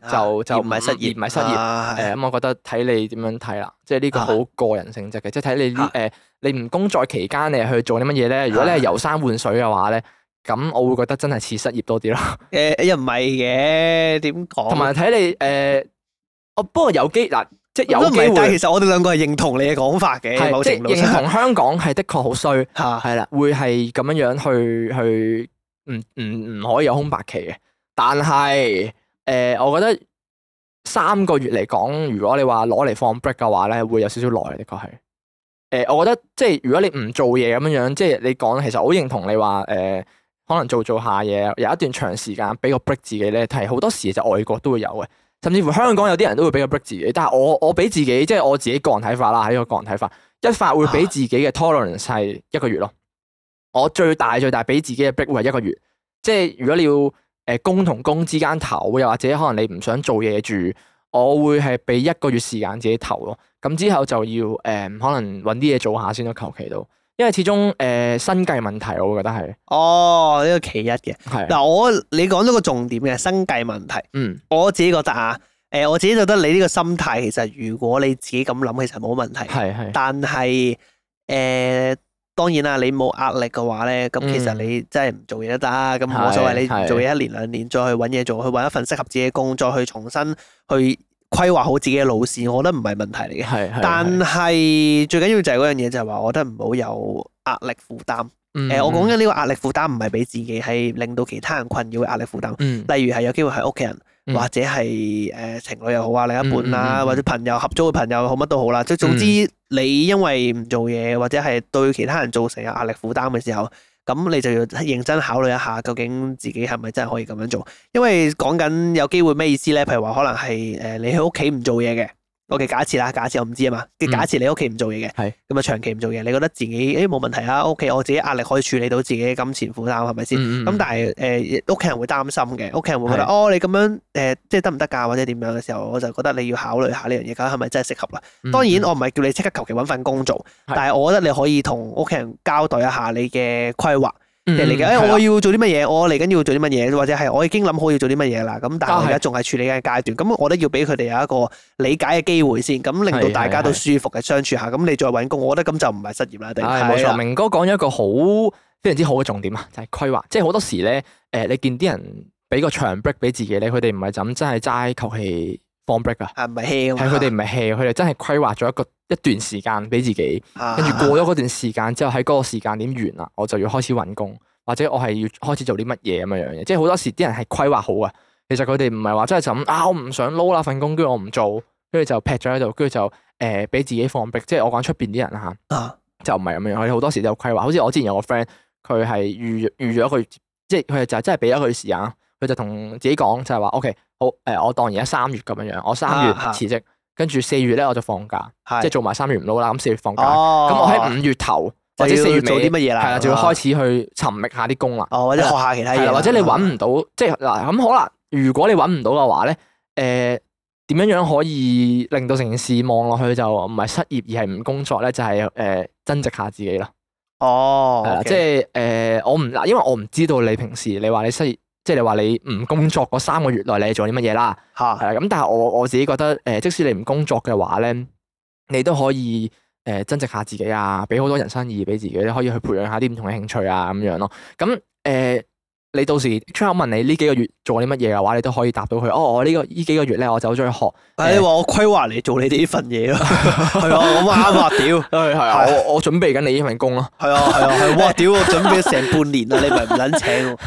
就就唔係失業，唔係、啊、失業。誒、啊，咁、嗯、我覺得睇你點樣睇啦，即係呢個好個人性質嘅，即係睇你誒，呃啊、你唔工作期間你去做啲乜嘢咧？如果你係遊山玩水嘅話咧。咁我會覺得真係似失業多啲咯。誒，又唔係嘅，點講？同埋睇你誒，哦、呃，不過有機嗱，即係有其實我哋兩個係認同你嘅講法嘅，即係是認同香港係的確好衰吓，係啦，會係咁樣樣去去，唔唔唔可以有空白期嘅。但係誒、呃，我覺得三個月嚟講，如果你話攞嚟放 break 嘅話咧，會有少少耐，的確係。誒，我覺得即係如果你唔做嘢咁樣樣，即係你講，其實好認同你話誒。呃可能做做下嘢，有一段長時間俾個 break 自己咧，係好多時就外國都會有嘅，甚至乎香港有啲人都會俾個 break 自己。但係我我俾自己即係我自己個人睇法啦，喺、這、我、個、個人睇法，一發會俾自己嘅 tolerance 係一個月咯。啊、我最大最大俾自己嘅 break 會係一個月，即係如果你要誒工同工之間唞，又或者可能你唔想做嘢住，我會係俾一個月時間自己唞咯。咁之後就要誒、呃、可能揾啲嘢做下先咯，求其到。因為始終誒生計問題，我會覺得係哦呢個其一嘅係嗱我你講咗個重點嘅生計問題，嗯，我自己個答案、呃、誒我自己覺得你呢個心態其實如果你自己咁諗，其實冇問題係係，是是但係誒、呃、當然啦，你冇壓力嘅話咧，咁其實你真係唔做嘢得啦，咁冇、嗯、所謂你做嘢一年兩年再去搵嘢做，去搵一份適合自己嘅工作，再去重新去。規劃好自己嘅路線，我覺得唔係問題嚟嘅。係係係，但係最緊要就係嗰樣嘢就係話，我覺得唔好有壓力負擔，嗯呃。我講緊呢個壓力負擔唔係俾自己，係令到其他人困擾嘅壓力負擔。嗯、例如係有機會係屋企人、嗯、或者係誒情侶又好啊，另一半啦，嗯嗯嗯或者朋友合租嘅朋友好乜都好啦。即總之你因為唔做嘢或者係對其他人造成有壓力負擔嘅時候。咁你就要認真考慮一下，究竟自己係咪真係可以咁樣做？因為講緊有機會咩意思咧？譬如話可能係誒，你喺屋企唔做嘢嘅。我嘅假設啦，假設我唔知啊嘛，嘅假設你屋企唔做嘢嘅，咁啊、嗯、長期唔做嘢，你覺得自己誒冇問題啊？屋企我自己壓力可以處理到自己嘅金錢負擔，係咪先？咁、嗯嗯、但係誒，屋、呃、企人會擔心嘅，屋企人會覺得、嗯、哦，你咁樣誒、呃，即係得唔得㗎？或者點樣嘅時候，我就覺得你要考慮下呢樣嘢，究竟係咪真係適合啦？嗯嗯、當然，我唔係叫你即刻求其搵份工做，嗯嗯、但係我覺得你可以同屋企人交代一下你嘅規劃。嚟嚟緊，我要做啲乜嘢？我嚟緊要做啲乜嘢？或者係我已經諗好要做啲乜嘢啦？咁但係而家仲係處理緊階段，段，咁、啊、我都要俾佢哋有一個理解嘅機會先，咁令到大家都舒服嘅相處下，咁你再搵工作，我覺得咁就唔係失業啦。定係冇錯。是明哥講咗一個好非常之好嘅重點啊，就係規劃。即係好多時咧，誒、呃，你見啲人俾個長 break 俾自己咧，佢哋唔係就咁真係齋求氣。放 break，係佢哋唔係佢哋真係規劃咗一個一段時間俾自己，跟住過咗嗰段時間之後，喺嗰個時間點完啦，我就要開始揾工，或者我係要開始做啲乜嘢咁樣樣嘅。即係好多時啲人係規劃好啊，其實佢哋唔係話真係就咁啊！我唔想撈啦份工，跟住我唔做，跟住就劈咗喺度，跟住就誒俾、呃、自己放逼。即係我講出面啲人啦、啊、就唔係咁樣。佢哋好多時都有規劃，好似我之前有個 friend，佢係預預咗佢，即係佢就真係俾咗佢時間，佢就同自己講就係、是、話 OK。好誒，我當而家三月咁樣樣，我三月辭職，跟住四月咧，我就放假，即係做埋三月唔撈啦。咁四月放假，咁我喺五月頭或者四月做啲乜嘢啦？係啦，就要開始去尋覓下啲工啦，或者學下其他嘢。或者你搵唔到，即係嗱咁可能，如果你搵唔到嘅話咧，誒，點樣樣可以令到成件事望落去就唔係失業而係唔工作咧？就係誒，增值下自己囉。哦，即係誒，我唔嗱，因為我唔知道你平時你話你失業。即係你話你唔工作嗰三個月內你係做啲乜嘢啦？吓，係 啊樂。咁但係我我自己覺得，誒，即使你唔工作嘅話咧，你都可以誒增值下自己啊，俾好多人生意義俾自己，可以去培養下啲唔同嘅興趣啊，咁樣咯。咁、呃、誒。你到時出口問你呢幾個月做啲乜嘢嘅話，你都可以答到佢。哦，我呢個呢幾個月咧，我走咗去學。但你話我規劃嚟，做你哋呢份嘢咯？係啊，我啊啱啊，屌，係啊，我我準備緊你呢份工咯。係啊，係啊，係哇，屌，我準備成半年啦，你咪唔捻請？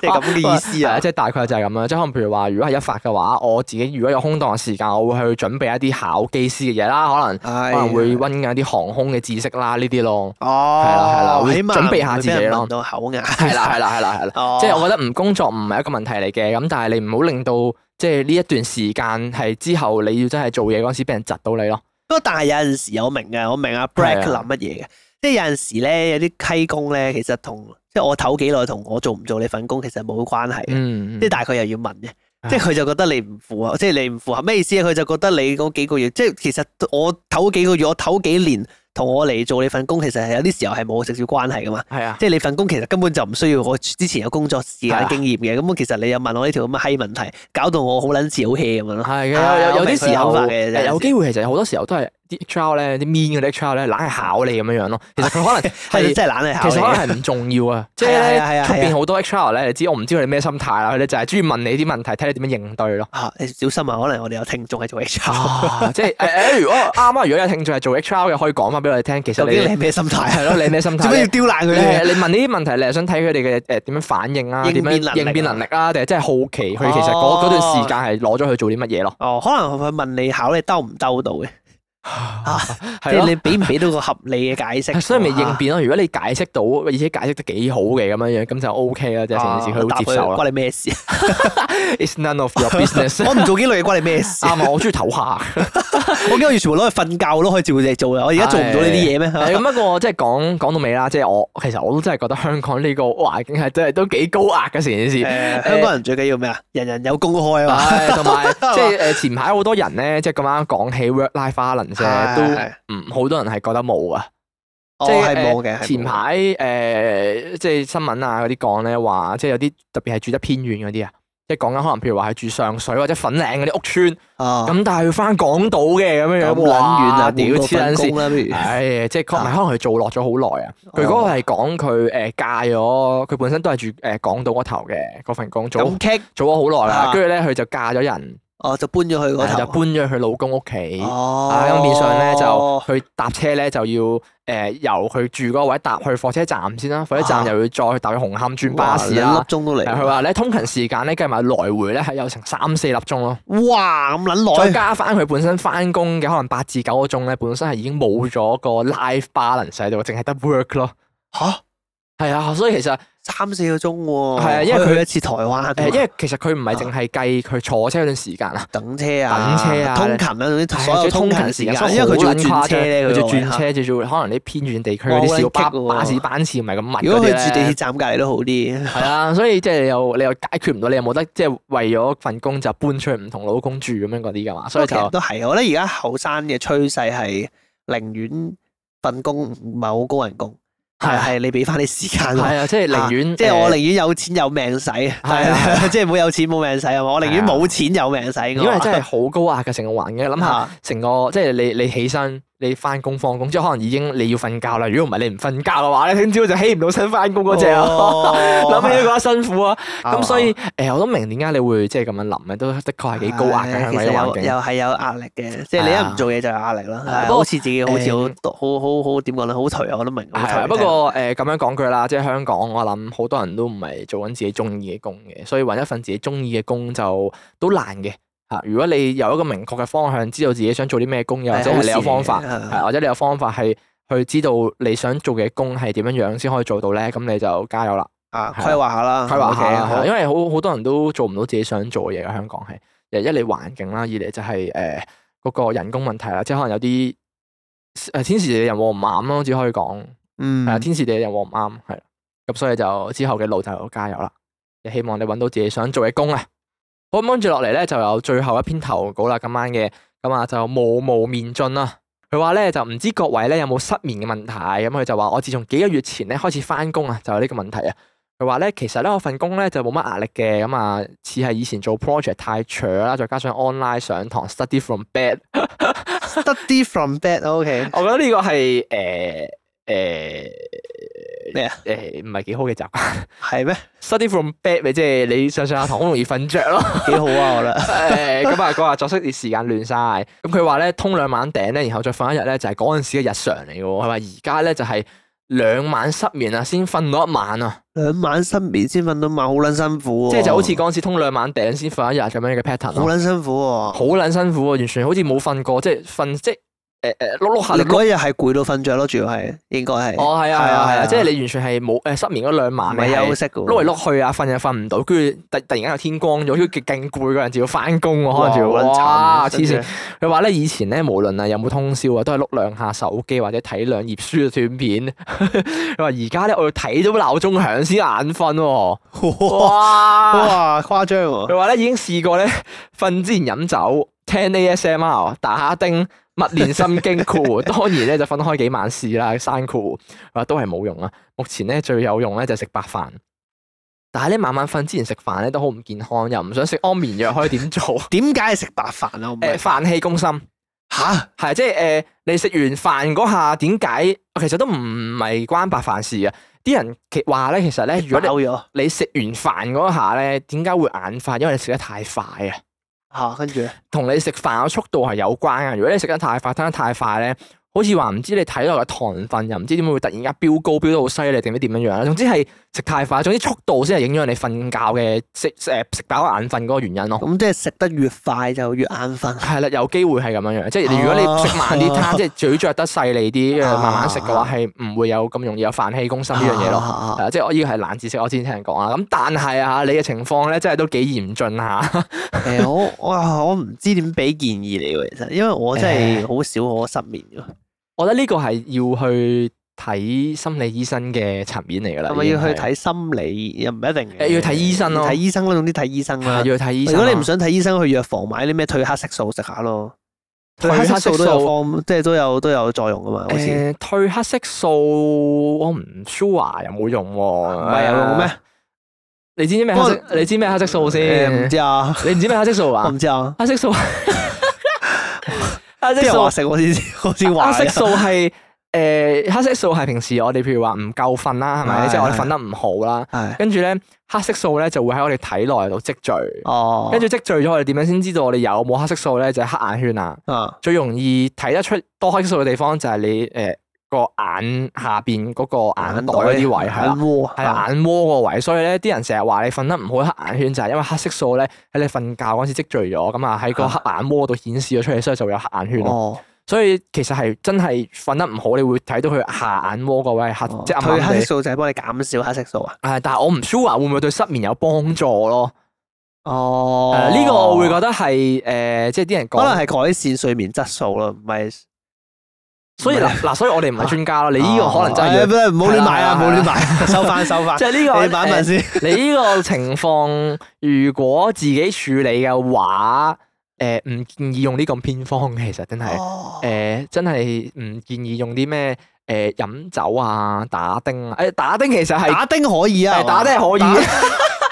即係咁嘅意思啊？即係大概就係咁啦。即係可能譬如話，如果係一發嘅話，我自己如果有空檔嘅時間，我會去準備一啲考機師嘅嘢啦。可能可能會溫緊啲航空嘅知識啦，呢啲咯。哦，係啦，係啦，會準備下自己咯。問到口硬，係啦，係啦，係啦。哦、即係我覺得唔工作唔係一個問題嚟嘅，咁但係你唔好令到即係呢一段時間係之後你要真係做嘢嗰時俾人窒到你咯。不過但係有陣時我明嘅，我明阿 Black 諗乜嘢嘅，即係有陣時咧有啲溪工咧，其實同即係我唞幾耐同我做唔做呢份工其實冇關係嘅，即係但係佢又要問嘅，即係佢就覺得你唔符啊，即係你唔符合咩是的 意思啊？佢就覺得你嗰幾個月，即係其實我唞幾個月，我唞幾年。同我嚟做你份工，其實係有啲時候係冇直接關係噶嘛。係啊，即係你份工其實根本就唔需要我之前有工作時間經驗嘅。咁、啊、其實你又問我呢條咁嘅閪問題，搞到我好撚似好 hea 咁咯。係嘅，有有有啲時候嘅，有機會其實好多時候都係。啲 HR 咧，啲 mean 嗰啲 HR 咧，懶係考你咁樣樣咯。其實佢可能係真係懶嚟考嘅。其實可能係唔重要啊。即係咧，出邊好多 HR 咧，你知我唔知佢哋咩心態啦。佢哋就係中意問你啲問題，睇你點樣應對咯。嚇！你小心啊，可能我哋有聽眾係做 HR。即係誒，如果啱啱如果有聽眾係做 HR，可以講翻俾我哋聽。其實你咩心態？係咯，你咩心態？點解要刁難佢哋？你問呢啲問題，你係想睇佢哋嘅誒點樣反應啊？應變能力啊？定係真係好奇佢其實嗰段時間係攞咗佢做啲乜嘢咯？哦，可能佢問你考你兜唔兜到嘅？即係你俾唔俾到個合理嘅解釋？所以咪應變咯。如果你解釋到，而且解釋得幾好嘅咁樣樣，咁就 OK 啦。即係成件事佢好接受，關你咩事？It's none of your business。我唔做幾耐嘢，關你咩事？啱我中意唞下，我幾可以全部攞去瞓覺，我都可以照只做嘅。我而家做唔到呢啲嘢咩？咁不過我即係講講到尾啦。即係我其實我都真係覺得香港呢個環境係真係都幾高壓嘅。成件事，香港人最緊要咩啊？人人有工開啊，同埋即係誒，前排好多人咧，即係咁啱講起 work 即係都，嗯，好多人係覺得冇啊，即係冇嘅。前排誒，即係新聞啊，嗰啲講咧話，即係有啲特別係住得偏遠嗰啲啊，即係講緊可能譬如話係住上水或者粉嶺嗰啲屋村，咁但係佢翻港島嘅咁樣樣啊？屌黐捻線，係即係，即係可能佢做落咗好耐啊。佢嗰個係講佢誒嫁咗，佢本身都係住誒港島嗰頭嘅嗰份工做，做咗好耐啦，跟住咧佢就嫁咗人。哦，就搬咗去嗰就搬咗去老公屋企。哦，咁面上咧就去搭車咧就要，誒、呃，由佢住嗰位搭去火車站先啦。火車站又要再去搭去紅磡轉巴士，一粒鐘都嚟。佢話咧通勤時間咧計埋來回咧係有成三四粒鐘咯。哇，咁捻耐！再加翻佢本身翻工嘅可能八至九個鐘咧，本身係已經冇咗個 life balance 喺度，淨係得 work 咯。吓，係啊，所以其實。三四個鐘喎，係啊，因為佢一次台灣，因為其實佢唔係淨係計佢坐車嗰段時間啊，等車啊，等車啊，通勤啊，總之所有通勤時間，因為佢轉車咧，佢就轉車，甚至乎可能啲偏遠地區嗰啲小巴、巴士、班次唔係咁密，如果佢住地鐵站隔籬都好啲。係啊，所以即係又你又解決唔到，你又冇得即係為咗份工就搬出去唔同老公住咁樣嗰啲噶嘛，所以其實都係。我覺得而家後生嘅趨勢係寧願份工唔係好高人工。係係，你俾翻啲時間。係啊，即係寧願，的呃、即係我寧願有錢有命使。係啊的，的 即係冇有錢冇命使係嘛，的我寧願冇錢有命使。的我因為真係好高壓嘅成個環境，諗下成的個即係你你起身。你翻工放工，即係可能已經你要瞓覺啦。如果唔係你唔瞓覺嘅話咧，聽朝就起唔到身翻工嗰隻啊！諗起都覺得辛苦啊，咁、哦、所以誒，哦、我都明點解你會即係咁樣諗咧，都的確係幾高壓嘅香港環境，又係有壓力嘅，即係你一唔做嘢就有壓力啦。不過好似自己好似好好好好點講咧，好頹啊，我都明。係啊，不過誒咁樣講句啦，即係香港，我諗好多人都唔係做緊自己中意嘅工嘅，所以揾一份自己中意嘅工就都難嘅。啊！如果你有一個明確嘅方向，知道自己想做啲咩工，又或者你有方法， 啊、或者你有方法係去知道你想做嘅工係點樣樣先可以做到咧，咁你就加油啦！啊，規劃下啦，規劃下，okay，嗯、okay，因為好好多人都做唔到自己想做嘅嘢嘅香港係，一嚟環境啦，二嚟就係誒嗰個人工問題啦，即係可能有啲天時地利人和唔啱咯，只可以講，係啊，天時地利人和唔啱，係咁、啊，所以就之後嘅路就加油啦！希望你揾到自己想做嘅工啊！咁跟住落嚟咧，就有最後一篇投稿啦，今晚嘅咁啊，就無無眠盡啦。佢話咧就唔知各位咧有冇失眠嘅問題，咁、嗯、佢就話我自從幾個月前咧開始返工啊，就有呢個問題啊。佢話咧其實咧我份工咧就冇乜壓力嘅，咁啊似係以前做 project 太長啦，再加上 online 上堂 study from bed，study from bed，ok、okay。我覺得呢個係誒誒。呃呃咩啊？誒、呃，唔係幾好嘅習慣。係咩？study from bed，咪即係你上上下下好容易瞓着咯。幾 好啊，我覺得。誒、 呃，咁啊，佢話作息啲時間亂晒。咁佢話咧，通兩晚頂咧，然後再瞓一日咧，就係嗰陣時嘅日常嚟噶。係咪？而家咧就係兩晚失眠啊，先瞓到一晚啊。兩晚失眠先瞓到一晚，好捻辛苦、啊。即係就好似嗰陣時通兩晚頂先瞓一日咁樣嘅 pattern。好捻辛苦喎、啊！好捻辛苦喎、啊！完全好似冇瞓過，即係瞓即。誒誒，碌碌下你嗰日係攰到瞓着咯，主要係應該係，哦係啊係啊，即係你完全係冇誒失眠嗰兩晚咪休息嘅，碌嚟碌去啊，瞓又瞓唔到，跟住突突然間又天光咗，跟住勁攰嗰陣就要翻工可能開要，哇，黐線！佢話咧以前咧無論啊有冇通宵啊，都係碌兩下手機或者睇兩頁書嘅短片。佢話而家咧我要睇到鬧鐘響先眼瞓，哇哇誇張喎！佢話咧已經試過咧瞓之前飲酒、聽 ASMR、打下叮。勿念心經苦，當然咧就分開幾晚試啦，生苦啊都係冇用啊。目前咧最有用咧就食白飯，但係咧晚晚瞓之前食飯咧都好唔健康，又唔想食安眠藥，可以點做？點解食白飯啊？誒、 呃，飯氣攻心吓？係蛤即係誒、呃，你食完飯嗰下點解？其實都唔係關白飯事啊！啲人其話咧，其實咧，如果你了你食完飯嗰下咧，點解會眼瞓？因為你食得太快啊！吓，跟住同你食飯嘅速度係有關噶。如果你食得太快，吞得太快咧。好似話唔知你睇落嘅糖分，又唔知點解會突然間飆高，飆得好犀利，定唔知點樣樣咧。總之係食太快，總之速度先係影響你瞓覺嘅食誒食飽眼瞓嗰個原因咯。咁即係食得越快就越眼瞓。係啦，有機會係咁樣樣，即係如果你食慢啲，即係、啊、咀嚼得細利啲，慢慢食嘅話係唔會有咁容易有飯氣攻心呢樣嘢咯。啊、即係我呢個係冷知識，我先前聽人講啊。咁但係啊，你嘅情況咧真係都幾嚴峻吓、 欸。我我我唔知點俾建議你喎，其實因為我真係好少我失眠我覺得呢個係要去睇心理醫生嘅層面嚟㗎啦，係咪要去睇心理？又唔一定。誒，要睇醫生咯，睇醫生咯，總之睇醫生啦。要睇醫生。如果你唔想睇醫生，去藥房買啲咩褪黑色素食下咯。褪黑色素都有，即係都有都有作用㗎嘛。誒，褪黑色素我唔 sure 又冇用喎，係有用咩？你知唔知咩黑色？你知咩黑色素先？唔知啊？你唔知咩黑色素啊？唔知啊？黑色素。黑色素我先我先話啦。黑色素係誒、呃，黑色素係平時我哋譬如話唔夠瞓啦，係咪？即係我哋瞓得唔好啦，跟住咧黑色素咧就會喺我哋體內度積聚。哦，跟住積聚咗我哋點樣先知道我哋有冇黑色素咧？就係、是、黑眼圈啦。哦，最容易睇得出多黑色素嘅地方就係你誒。呃個眼下邊嗰個眼袋嗰啲位係啦，係眼窩個位，所以咧啲人成日話你瞓得唔好黑眼圈就係、是、因為黑色素咧喺你瞓覺嗰時積聚咗，咁啊喺個黑眼窩度顯示咗出嚟，所以就會有黑眼圈。哦，所以其實係真係瞓得唔好，你會睇到佢下眼窩個位黑，哦、即係佢黑色素就係幫你減少黑色素啊。但係我唔 sure 會唔會對失眠有幫助咯。哦，呢、呃這個我會覺得係誒、呃，即係啲人講可能係改善睡眠質素咯，唔係。所以嗱嗱，所以我哋唔係專家咯。你呢個可能真係唔好亂買啊！唔好亂買，收翻收翻。即係呢個你問一問先。你呢個情況，如果自己處理嘅話，誒唔建議用呢咁偏方嘅，其實真係誒真係唔建議用啲咩誒飲酒啊、打丁啊。誒打丁其實係打丁可以啊，打丁係可以。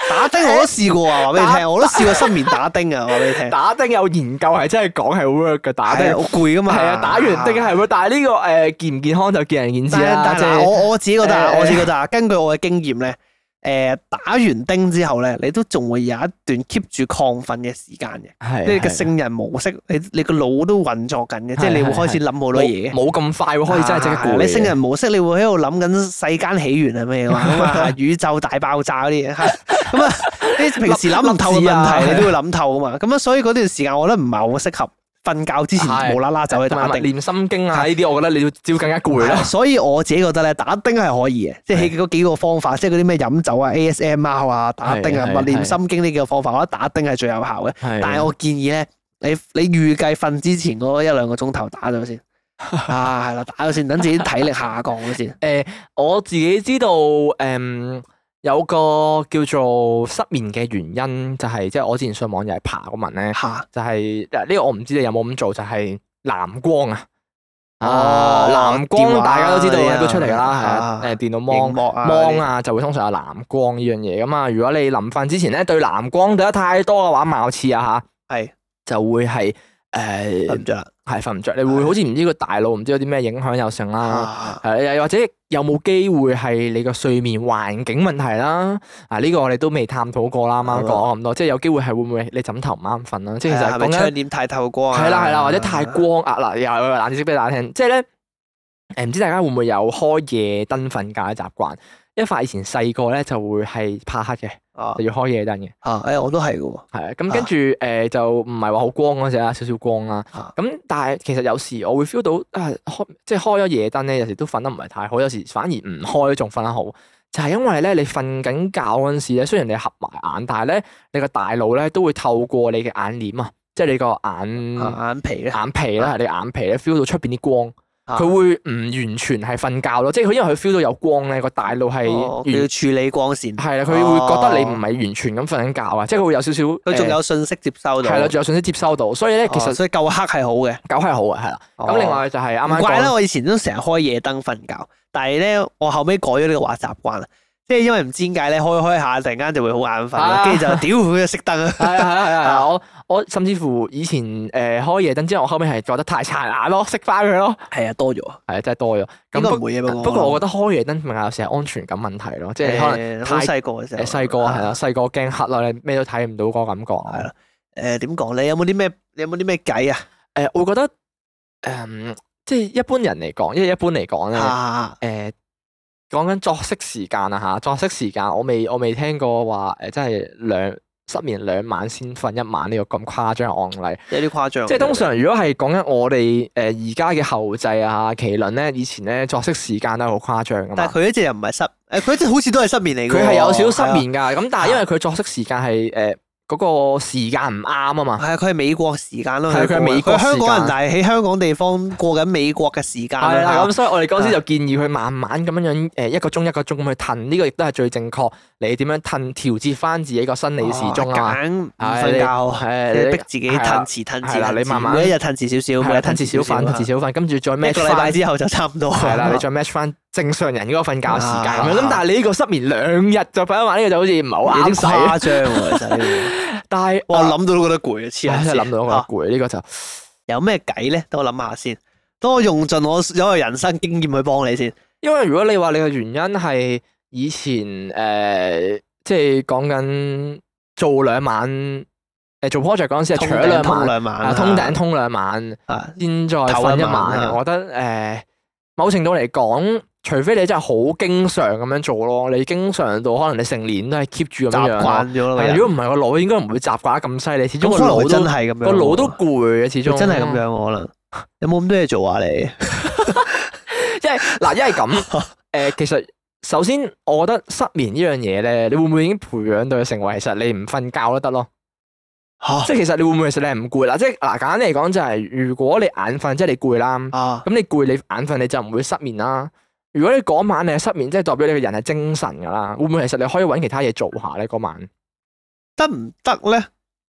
打釘我都試過啊，話俾你聽，我都試過失眠打釘啊，話俾你聽。打釘有研究係真係講係 work 㗎，打釘好攰噶嘛。係啊，打完釘係會，但係呢個誒健唔健康就見仁見智啦。但係，我我自己覺得，我自己覺得，根據我嘅經驗咧，誒打完釘之後咧，你都仲會有一段 keep 住亢奮嘅時間嘅，即係個聖人模式，你你個腦都運作緊嘅，即係你會開始諗好多嘢。冇咁快會開始真係自己攰。你聖人模式，你會喺度諗緊世間起源係咩嘅嘛？宇宙大爆炸嗰啲嘢。咁啊！啲平時諗唔透嘅問題，你都會諗透啊嘛！咁啊，所以嗰段時間，我覺得唔係好適合瞓覺之前無啦啦走去打釘、念心經啊！呢啲我覺得你要照更加攰咯。所以我自己覺得咧，打丁係可以嘅，即係嗰幾個方法，即係嗰啲咩飲酒啊、ASMR 啊、打丁啊、默是的 念心經呢幾個方法，我覺得打丁係最有效嘅。但係我建議咧，你你預計瞓之前嗰一兩個鐘頭打咗先，啊係啦，打咗先，等自己體力下降咗先。誒、 嗯，我自己知道誒。嗯有個叫做失眠嘅原因，就係即係我之前上網又係爬過文咧，哈就係呢個我唔知你有冇咁做，就係藍光啊，哦藍光話大家都知道話也都出嚟啦，係啊誒電腦幕啊就會通常有藍光呢樣嘢咁啊，如果你臨瞓之前咧對藍光對得太多嘅話，貌似啊吓係的就會係。誒，瞓唔着，係瞓唔着，你會好似唔知個大腦唔知有啲咩影響又成啦，係又、啊、或者有冇機會係你個睡眠環境問題啦？啊，呢、這個我哋都未探討過啦，啱啱講咁多，即係有機會係會唔會你枕頭唔啱瞓啦？吧即係其實講緊點太透光、啊，係啦係啦，或者太光壓啦、啊啊，又係個冷知識俾大家聽，即係咧，誒、嗯，唔知大家會唔會有開夜燈瞓覺嘅習慣？一發以前細個咧就會係怕黑嘅，啊、就要開夜燈嘅。啊，哎呀，我都係嘅喎。啊，咁跟住誒、啊呃、就唔係話好光嗰陣時啦，少少光啦。咁、啊、但係其實有時我會 feel 到啊，即開即係開咗夜燈咧，有時都瞓得唔係太好，有時反而唔開仲瞓得好，就係、是、因為咧你瞓緊覺嗰陣時咧，雖然你合埋眼，但係咧你個大腦咧都會透過你嘅眼簾啊，即係你個眼眼皮咧，眼皮咧，你眼皮咧 feel、啊、到出邊啲光。佢會唔完全係瞓覺咯，即係佢因為佢 feel 到有光咧，個大腦係要處理光線。係啊，佢會覺得你唔係完全咁瞓緊覺啊，哦、即係佢會有少少，佢仲有信息接收到。係啦、欸，仲有信息接收到，哦、所以咧其實所以夠黑係好嘅，夠黑係好嘅，係啦。咁、哦、另外就係啱啱，怪啦，我以前都成日開夜燈瞓覺，但係咧我後尾改咗呢個話習慣啦。即係因為唔知點解咧開開下突然間就會好眼瞓，跟住就屌佢熄燈啦。係啦係啦係啦，我我甚至乎以前誒，開夜燈之後，我後屘係覺得太殘眼咯，熄翻佢咯。係啊，多咗，係啊，真係多咗。咁都唔會，不過，我覺得開夜燈咪有時係安全感問題咯，即係可能太細個嘅時候。細個係啦，細個驚黑你咩都睇唔到嗰個感覺。係啦。誒，點講咧？有冇啲咩？有冇啲咩計啊？誒，我覺得誒，即係一般人嚟講，因為一般嚟講咧，誒。講緊作息時間啊吓，作息時間我未我未聽過話誒，即係兩失眠兩晚先瞓一晚呢個咁誇張嘅案例，有啲誇張。即係通常如果係講緊我哋誒而家嘅後製啊，麒麟咧，以前咧作息時間都係好誇張噶。但係佢呢隻又唔係失，佢呢只好似都係失眠嚟。佢係有少少失眠噶，咁的但係因為佢作息時間係誒。的嗰個時間唔啱啊嘛，係啊，佢係美國時間咯，係佢美國，香港人但係喺香港地方過緊美國嘅時間，係啦，咁，所以我哋嗰時就建議佢慢慢咁樣樣，誒一個鐘一個鐘咁去褪，呢個亦都係最正確你點樣褪調節翻自己一個生理時鐘啊，唔瞓覺，誒你逼自己褪遲褪遲，係啦你慢慢，每一日褪遲少少，每一褪遲少少，褪遲少少，跟住再 match 翻，一個禮拜之後就差唔多，係啦你再 match 翻。正常人嗰個瞓覺時間咁樣，咁但係你呢個失眠兩日就瞓一晚，呢個就好似唔係好啱，誇張喎。但係我諗到都覺得攰，黐線，諗到我攰。呢個就有咩計咧？等我諗下先，等我用盡我有個人生經驗去幫你先。因為如果你話你嘅原因係以前誒，即係講緊做兩晚誒做 project 嗰陣時，通兩晚，兩晚，通頂通兩晚，先再瞓一晚。我覺得誒，某程度嚟講。除非你真係好經常咁樣做咯，你經常到可能你成年都係 keep 住咁樣啦。但如果唔係個腦，應該唔會習慣得咁犀利。始終個腦真係咁樣，個腦都攰啊，始終真係咁樣。可能有冇咁多嘢做啊？你，即係嗱，因為咁誒。其實首先，我覺得失眠呢樣嘢咧，你會唔會已經培養到佢成為？其實你唔瞓覺都得咯，即係其實你會唔會其實你係唔攰啦？即係嗱，簡單嚟講就係如果你眼瞓，即係你攰啦，咁你攰你眼瞓，你就唔會失眠啦。如果你嗰晚你係失眠，即係代表你個人係精神噶啦，會唔會其實你可以搵其他嘢做下咧？嗰晚得唔得咧？行行呢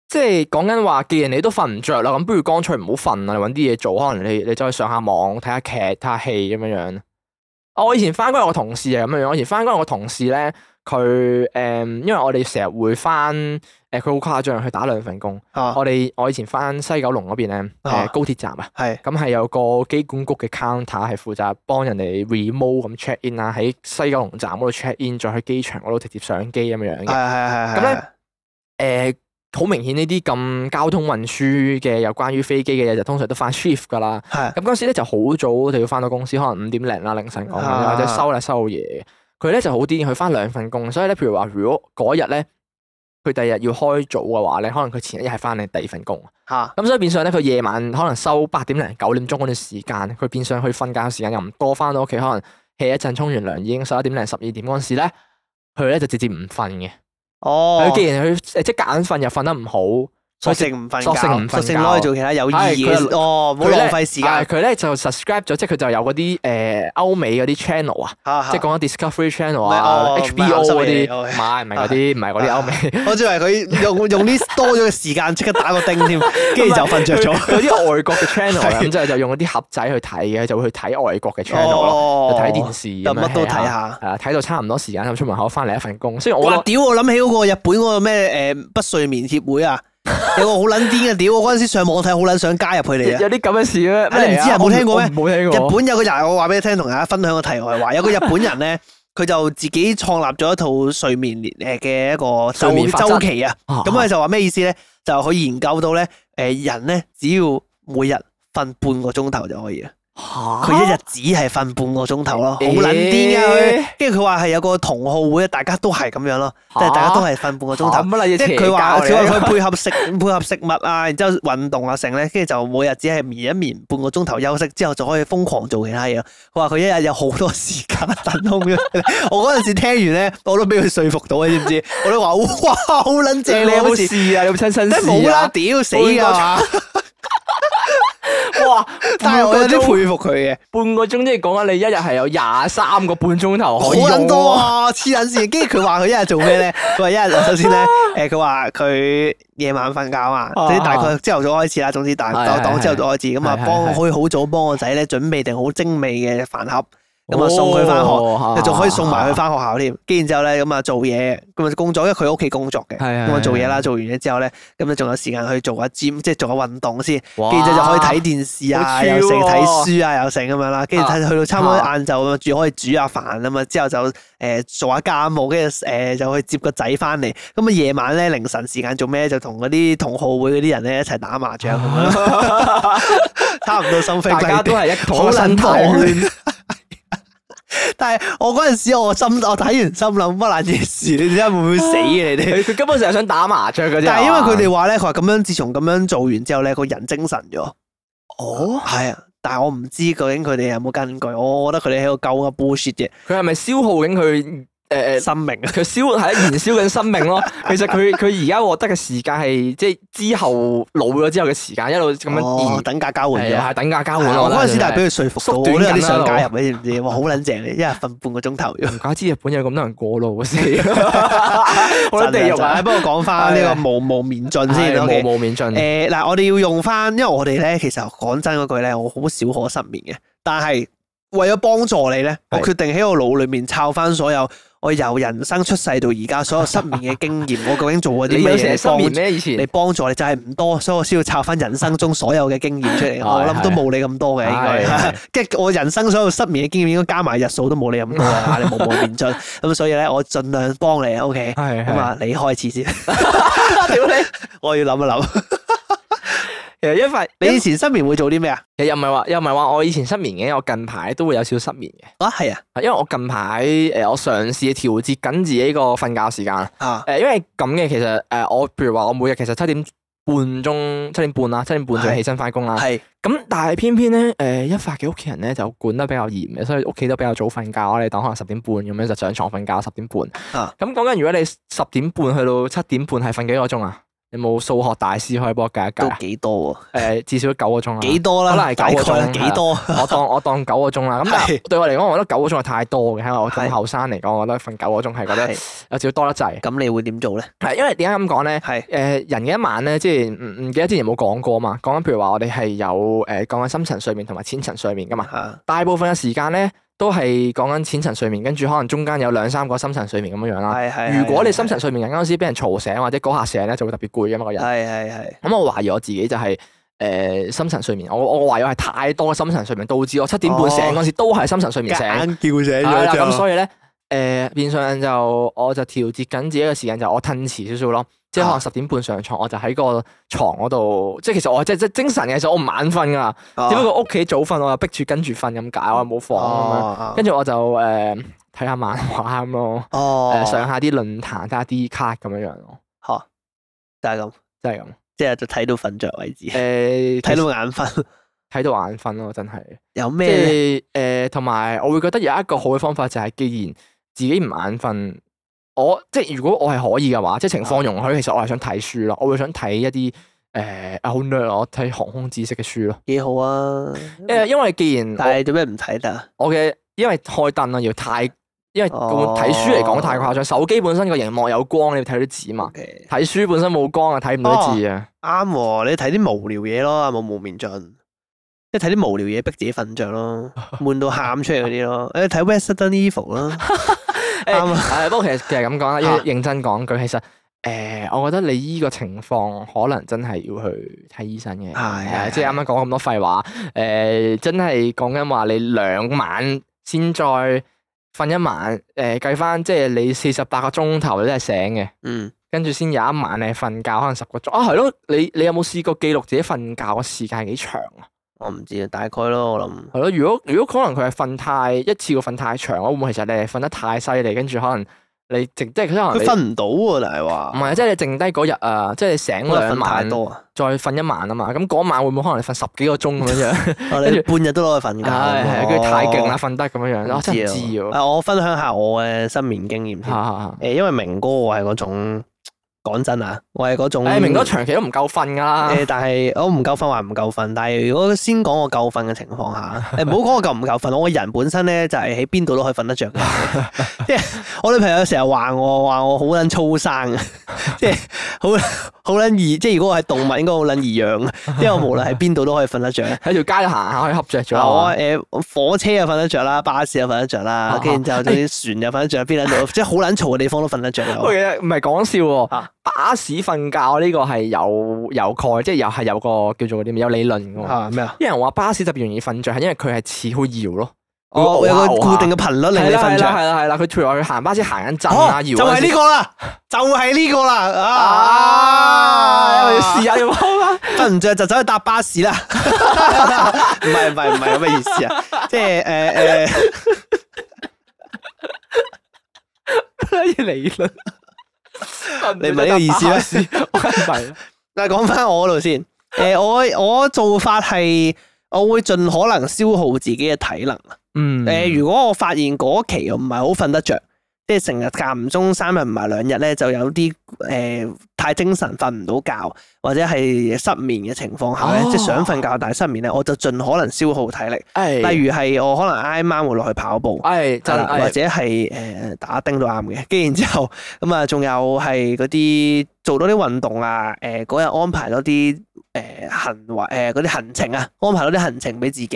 即係講緊話，既然你都瞓唔着啦，咁不如乾脆唔好瞓啊！你搵啲嘢做，可能你你再去上下網睇下劇、睇下戲咁樣樣，哦。我以前翻工，我同事啊咁樣樣。我以前翻工，我同事咧。.佢誒，因為我哋成日會翻誒，佢好誇張，去打兩份工。我哋我以前翻西九龍嗰邊咧，誒高鐵站啊，咁係有個機管局嘅 counter 係負責幫人哋 remote 咁 check in 啊，喺西九龍站嗰度 check in，再去機場嗰度直接上機咁樣嘅。係係係咁咧，誒，好明顯呢啲咁交通運輸嘅有關於飛機嘅嘢，就通常都翻 shift 噶啦。咁嗰時咧就好早就要翻到公司，可能五點零啦凌晨講，或者收咧收嘢。佢咧就好癲，佢翻兩份工，所以咧，譬如話如果嗰日咧，佢第二日要開早嘅話咧，可能佢前一日係翻你第二份工，吓，咁所以變相咧，佢夜晚可能收八點零九點鐘嗰段時間，佢變相去瞓覺時間又唔多，翻到屋企可能起一陣，沖完涼已經十一點零十二點嗰陣時咧，佢咧就直接唔瞓嘅，哦，佢既然佢即係夾硬瞓又瞓得唔好。索性唔瞓，索性唔瞓。索性攞去做其他有意義嘅嘢。哦，唔好浪費時間。佢咧就 subscribe 咗，即係佢就有嗰啲誒歐美嗰啲 channel 啊，即係講緊 Discovery Channel 啊、HBO 嗰啲，唔係唔係嗰啲，唔係嗰啲歐美。我以為佢用用啲多咗嘅時間，即刻打個叮添，跟住就瞓着咗。嗰啲外國嘅 channel 啦，咁就就用嗰啲盒仔去睇嘅，就會去睇外國嘅 channel 咯，睇電視，乜都睇下。係啊，睇到差唔多時間，咁出門口翻嚟一份工。雖然我屌我諗起嗰個日本嗰個咩誒不睡眠協會啊！ 有個好撚癲嘅，屌！我嗰陣時上網睇，好撚想加入佢哋啊！有啲咁嘅事咩？你唔知啊？冇聽過咩？冇聽過。日本有個人，我話俾你聽，同大家分享個題外話，有個日本人咧，佢 就自己創立咗一套睡眠誒嘅一個週睡眠周期啊。咁佢就話咩意思咧？就可以研究到咧，誒人咧只要每日瞓半個鐘頭就可以啊。佢一日只係瞓半個鐘頭咯，好卵癲啊佢。跟住佢話係有個同好會，大家都係咁樣咯，即係大家都係瞓半個鐘頭。即係佢話，只要佢配合食配合食物啊，然之後運動啊成咧，跟住就每日只係眠一眠半個鐘頭休息之後，就可以瘋狂做其他嘢。佢話佢一日有好多時間等空。我嗰陣時聽完咧，我都俾佢說服到，你知唔知？我都話哇，好卵正，你有冇試啊？有冇親身試？冇啦，屌死啊！哇！但係我有啲佩服佢嘅，半個鐘，半個鐘即係講緊你一日係有廿三個半鐘頭，啊，好緊多啊！黐撚線，跟住佢話佢一日做咩咧？佢話 一日首先咧，誒， 佢話佢夜晚瞓覺啊，即係大概朝頭早開始啦。總之大檔朝頭早開始，咁啊幫可以好早幫個仔咧，準備定好精美嘅飯盒。咁啊送佢翻學，又仲可以送埋佢翻學校添。跟住之後咧，咁啊做嘢，咁啊工作，因為佢屋企工作嘅，咁啊做嘢啦。做完嘢之後咧，咁啊仲有時間去做下 gym，即係做下運動先。跟住就可以睇電視啊，又成睇書啊，又成咁樣啦。跟住睇去到差唔多晏晝咁啊，仲可以煮下飯啊嘛。之後就誒做下家務，跟住誒就去接個仔翻嚟。咁啊夜晚咧凌晨時間做咩？就同嗰啲同好會嗰啲人咧一齊打麻雀咁樣。差唔多心扉，大家都係一坨，好 但係我嗰陣時，我心我睇完心諗乜爛嘢事，你知唔知會唔會死嘅你哋？佢根本成日想打麻雀嗰啲。啊、 但係因為佢哋話咧，佢話咁樣自從咁樣做完之後咧，個人精神咗。哦，係啊，但係我唔知究竟佢哋有冇根據。我我覺得佢哋喺度救阿 bullshit 嘅。佢係咪消耗緊佢？誒，生命佢燒係燃燒緊生命咯，其實佢佢而家獲得嘅時間係即係之後老咗之後嘅時間一路咁樣等價交換，等價交換。嗰陣時就俾佢說服到，我都有啲想介入你知唔知？哇，好撚正，一日瞓半個鐘頭。唔怪知日本有咁多人過路死。我哋不如唔係，不如講翻呢個無無眠盡先啦。誒，嗱，我哋要用翻，因為我哋咧其實講真嗰句咧，我好少可失眠嘅，但係為咗幫助你咧，我決定喺我腦裏面抄翻所有。我由人生出世到而家所有失眠嘅經驗， 我究竟做過啲咩嘢你幫助你，就係唔多，所以我先要抄翻人生中所有嘅經驗出嚟。 我諗都冇你咁多嘅， 應該該。即 係我人生所有失眠嘅經驗，應該加埋日數都冇你咁多啊！你冇冇前進，咁所以咧，我盡量幫你。O K，咁啊，你開始先。 我要諗一諗。 其一發，你以前失眠會做啲咩啊？又唔係話，又唔係話我以前失眠嘅，我近排都會有少少失眠嘅。啊，係啊，因為我近排誒、呃，我嘗試調節緊自己個瞓覺時間。啊，誒、呃，因為咁嘅，其實誒、呃，我譬如話我每日其實七點半鐘，七點半啦，七點半就起身返工啦。係。咁但係偏偏咧，誒、呃，一發嘅屋企人咧就管得比較嚴嘅，所以屋企都比較早瞓覺。我哋等可能十點半咁樣就上床瞓覺，十點半。點半啊。咁講緊如果你十點半去到七點半係瞓幾個鐘啊？有冇數學大師可以幫我解一解？幾多？誒，至少九個鐘啦。幾多啦？可能係九個鐘。幾多？我當我當九個鐘啦。咁但係對我嚟講，我覺得九個鐘係太多嘅，因為我好後生嚟講，我覺得瞓九個鐘係覺得有少少多得滯。咁你會點做咧？係因為點解咁講咧？係，誒，人嘅一晚咧，之前唔唔記得之前冇講過嘛？講緊譬如話我哋係有誒，講緊深層睡眠同埋淺層睡眠噶嘛？大部分嘅時間咧，都係講緊淺層睡眠，跟住可能中間有兩三個深層睡眠咁樣樣啦。是是是是，如果你深層睡眠嗰陣時俾人嘈醒或者嗰下醒咧，就會特別攰咁啊個人。係係係。咁我懷疑我自己就係、是、誒、呃、深層睡眠，我我懷疑係太多深層睡眠導致我七點半醒嗰陣時都係深層睡眠醒、哦、叫醒咗。咁了就所以咧誒、呃、變相就我就調節緊自己嘅時間，就我褪遲少少咯。即係可能十點半上床，我就喺個床嗰度。即係其實我即係即係精神嘅時候我唔眼瞓噶。Oh. 只不過屋企早瞓，我又逼住跟住瞓咁解，我又冇房 oh. Oh. 跟住我就誒睇下漫畫咁咯。誒、呃，上下啲論壇，睇下 D 卡咁樣、oh. 樣咯。吓，就係咁，就係咁。即係就睇到瞓着為止。誒、呃，睇到眼瞓，睇到眼瞓咯，真係。有咩？即誒，同、呃、埋我會覺得有一個好嘅方法就係，既然自己唔眼瞓。我即係如果我係可以嘅話，即係情況容許，其實我係想睇書咯，我會想睇一啲誒，好虐我睇航空知識嘅書咯，幾好啊！因為既然但係做咩唔睇得？我嘅因為開燈啦，要太因為睇書嚟講太誇張，哦、手機本身個屏幕有光，你要睇到啲字嘛。睇 Okay. 書本身冇光啊，睇唔到字啊。啱喎、哦哦，你睇啲無聊嘢咯，冇無眠盡，即係睇啲無聊嘢逼自己瞓着咯，悶到喊出嚟嗰啲咯。誒， 睇 Weston Evil 啦。E 誒，誒、欸，不過 其實其實咁講啦，認真講句，其實誒、呃，我覺得你依個情況可能真係要去睇醫生嘅。係，即係啱啱講咁多廢話，誒、呃，真係講緊話你兩晚先再瞓一晚，誒、呃，計翻即係你四十八個鐘頭你都係醒嘅，嗯，跟住先有一晚你瞓覺可能十個鐘，啊，係咯，你你有冇試過記錄自己瞓覺嘅時間係幾長啊？我唔知啊，大概咯，我諗係咯。如果如果可能佢係瞓太一次過瞓太長咯，會唔會其實你係瞓得太犀利，跟住可能你剩即係佢瞓唔到喎，定係話唔係啊？即係你剩低嗰日啊，即係你醒兩晚，再瞓一晚啊嘛。咁嗰晚會唔會可能你瞓十幾個鐘咁樣、 啊？跟住半日都攞去瞓嘅。係係佢太勁啦，瞓、哦、得咁樣樣。我知啊。我分享下我嘅失眠經驗。誒， 因為明哥我係嗰種。講真啊，我係嗰種誒，明哥長期都唔夠瞓噶誒，但係我唔夠瞓話唔夠瞓，但係如果先講我夠瞓嘅情況下，唔好講我夠唔夠瞓，我個人本身咧就係喺邊度都可以瞓得着嘅，即係我女朋友成日話我話我好撚粗生，即係好好撚易，即係如果我係動物應該好撚易養，因為我無論喺邊度都可以瞓得着，喺條街行下可以合着咗，有誒火車又瞓得着啦，巴士又瞓得着啦，跟住然之後啲船又瞓得着，邊度即係好撚嘈嘅地方都瞓得着，我嘅唔係講笑喎。巴士瞓覺呢個，係有有蓋，即係又係有個叫做嗰啲有理論噶咩啊？啲人話巴士特別容易瞓着，係因為佢係似好搖咯。哦、哇有個固定嘅頻率令你瞓着。係啦係啦，佢除外佢行巴士行緊震啊，搖、哦。就係、是、呢個啦，就係呢個啦。啊！試下用啦，瞓唔着就走去搭巴士啦。唔係唔係唔係咁嘅意思啊，即係誒誒，咩理論？ 你唔係呢個意思咩？唔係，但係講翻我度先。誒、呃，我我做法係，我會盡可能消耗自己嘅體能。嗯。誒，如果我發現嗰期我唔係好瞓得着。即係成日間唔中三日唔埋兩日咧，就有啲誒、呃、太精神，瞓唔到覺或者係失眠嘅情況下咧，哦、即係想瞓覺但係失眠咧，我就盡可能消耗體力。哎、例如係我可能挨晚會落去跑步，或者係誒、呃、打一叮都啱嘅。跟住然之後咁啊，仲有係嗰啲做多啲運動啊，誒嗰日安排多啲。誒、呃，行為誒，嗰、呃、啲行程啊，安排到啲行程俾自己，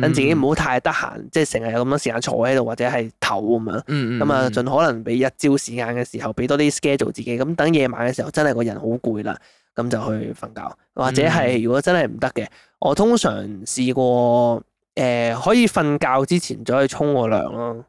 等自己唔好太得閒，即係成日有咁多時間坐喺度或者係唞咁樣。咁啊，盡可能俾一朝時間嘅時候，俾多啲 schedule 自己。咁等夜晚嘅時候，真係個人好攰啦，咁就去瞓覺。或者係如果真係唔得嘅，嗯、我通常試過誒、呃，可以瞓覺之前再去沖個涼咯。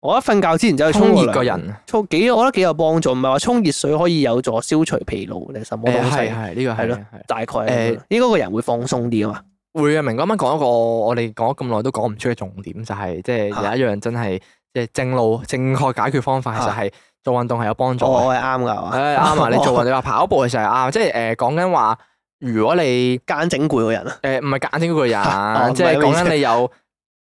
我一瞓覺之前就去沖熱個人，沖幾，我覺得幾有幫助，唔係話沖熱水可以有助消除疲勞，你係什麼東西？係，係呢個係咯，大概誒、哎，應該、這個人會放鬆啲啊嘛。會呀明，啱啱講一個，我哋講咗咁耐都講唔出嘅重點，就係、是、即係有一樣真係即係正路正確解決方法就，就係做運動係有幫助。我係啱噶，啱啊， 你做你話跑步嘅時候係啱，即係誒講緊話，呃、說說如果你間整攰個人，誒唔係間整攰個人，即係講緊你有。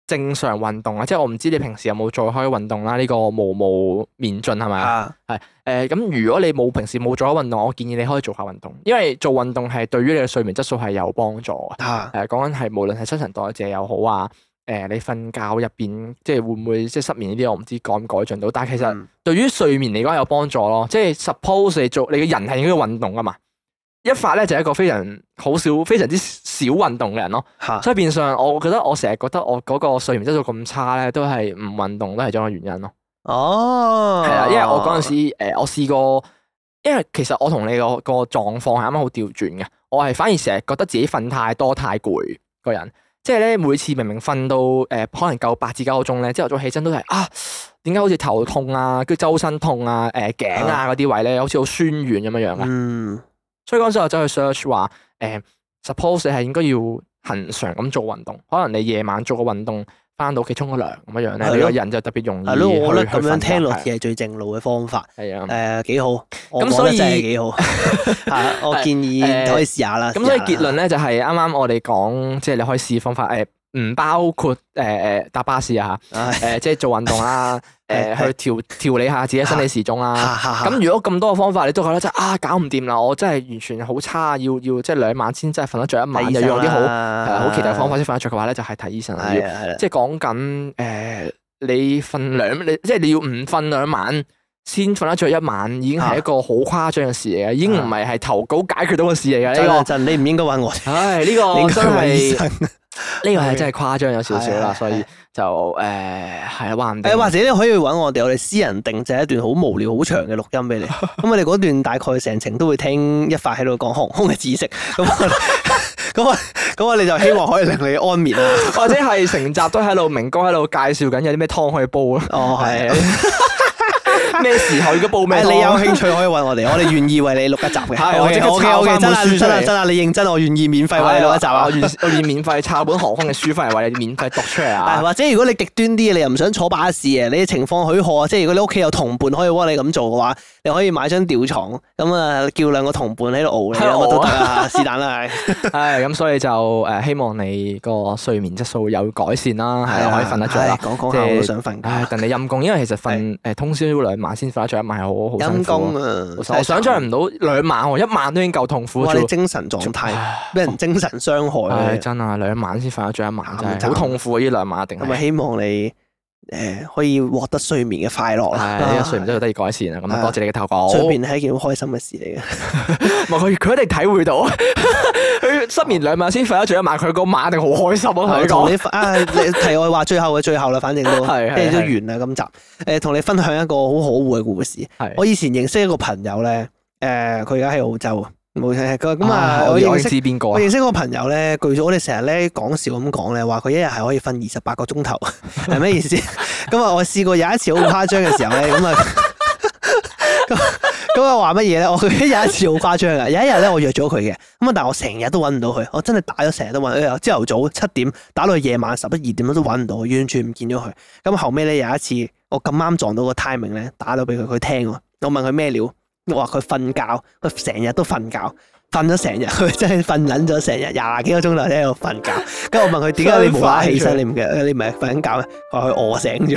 正常運動啊，即係我唔知你平時有冇做開運動啦。呢、這個無無眠盡係咪啊？係誒，咁、呃、如果你冇平時冇做開運動，我建議你可以做下運動，因為做運動係對於你嘅睡眠質素係有幫助啊。誒、呃，講緊係無論係新陳代謝又好啊，誒、呃，你瞓覺入邊即係會唔會即係失眠呢啲，我唔知改唔改進到。但係其實對於睡眠嚟講係有幫助咯，即係 suppose 你做你嘅人係應該要運動噶嘛。一發咧就係一個非常好少、非常之少運動嘅人咯，哈所以變相，我覺得我成日覺得我嗰個睡眠質素咁差咧，都係唔運動都係一個原因咯。哦、啊，係啦，因為我嗰陣時誒、呃，我試過，因為其實我同你個個狀況係啱啱好調轉嘅，我係反而成日覺得自己瞓太多太攰個人，即係咧每次明明瞓到誒、呃、可能夠八至九個鐘咧，朝早起身都係啊，點解好似頭痛啊，跟住周身痛啊，誒、呃、頸啊嗰啲位咧、啊、好似好酸軟咁樣樣嘅。嗯。所以嗰陣我走去 search 話，誒，suppose 係應該要恒常咁做運動，可能你夜晚做個運動，返到屋企沖個涼咁樣咧，你個人就特別容易。係咯，我覺得咁樣聽落係最正路嘅方法，誒，幾好，咁所以幾好，我建議可以試下啦。咁所以結論咧就係啱啱我哋講，即係你可以試方法，誒，唔包括誒誒搭巴士啊，誒，即係做運動啦。誒，去調調理下自己身體時鐘啦。咁 如果咁多嘅方法你都覺得即係啊，搞唔掂啦！我真係完全好差，要要即係兩晚先真係瞓得着。一晚，又用啲好好奇特方法先瞓得着嘅話咧，就係、係、睇醫生啦、呃。即係講緊誒，你瞓兩，你即係你要唔瞓兩晚先瞓得着。一晚，已經係一個好誇張嘅事嚟嘅，已經唔係係投稿解決到嘅事嚟嘅呢個。你唔應該揾我。唉，呢個係。呢個係真係誇張有少少啦，對對對，所以就誒係啦，話、呃、唔、啊、定或者你可以揾我哋，我哋私人定製一段好無聊、好長嘅錄音俾你。咁 我哋嗰段大概成程都會聽一發喺度講航空嘅知識。咁咁我哋 就希望可以令你安眠啊， 或者係成集都喺度明哥喺度介紹緊有啲咩湯可以煲、 哦、啊。哦，係。咩時候如果報名、 哎？你有興趣可以揾我哋，我哋願意為你錄一集嘅。係、 哎，我 okay, 即刻抄翻本書出嚟真啊是真啊，你認真，我願意免費為你錄一集 啊，啊！我願意免費抄本航空嘅書翻嚟，為你免費讀出嚟 啊！或者如果你極端啲，你又唔想坐巴士啊？你情況許可，即係如果你屋企有同伴可以幫你咁做嘅話。你可以買張吊床，咁啊叫兩個同伴喺度熬你，咁都得啦，是但啦，係，係咁所以就誒希望你個睡眠質素有改善啦，係可以瞓得着啦，講講下，我都想瞓，唉，但你陰功，因為其實瞓誒通宵兩晚先瞓得着一晚，係好好陰功啊，想像唔到兩晚，一晚都已經夠痛苦。哇，你精神狀態俾人精神傷害。係真啊，兩晚先瞓得着一晚，真係好痛苦。呢兩晚定係。係咪希望你？誒、呃，可以獲得睡眠嘅快樂啦、哎，睡眠真係得以改善啦。咁多、啊、謝你嘅投稿。睡眠係一件好開心嘅事嚟嘅，唔係佢佢 一定體會到，佢 失眠兩晚先瞓得着一晚，佢個晚定好開心咯。同你講啊，題外話，最後嘅最後啦，反正都係係 都完啦，今集。誒、呃，同你分享一個好可惡嘅故事。是我以前認識一個朋友咧，誒、呃，佢而家喺澳洲。呃冇錯，佢咁啊！我認識邊個？我認識個朋友咧，據我哋成日咧講笑咁講咧，話佢一日係可以瞓二十八個鐘頭，係咩意思？咁啊，我試過有一次好誇張嘅時候咧，咁啊，咁啊話乜嘢咧？我有一次好誇張嘅，有一日咧，我約咗佢嘅，咁啊，但係我成日都搵唔到佢，我真係打咗成日都搵，朝頭早七點打到夜晚十一二點都搵唔到，完全唔見咗佢。咁後尾咧，有一次我咁啱撞到個 timing 咧，打到俾佢，佢聽，我問佢咩料。我話佢瞓覺，佢成日都瞓覺，瞓咗成日，佢真係瞓捻咗成日，廿幾個鐘頭喺度瞓覺。跟住我問佢點解你冇打起身？你唔記得，你唔係瞓緊覺咩？佢餓醒咗，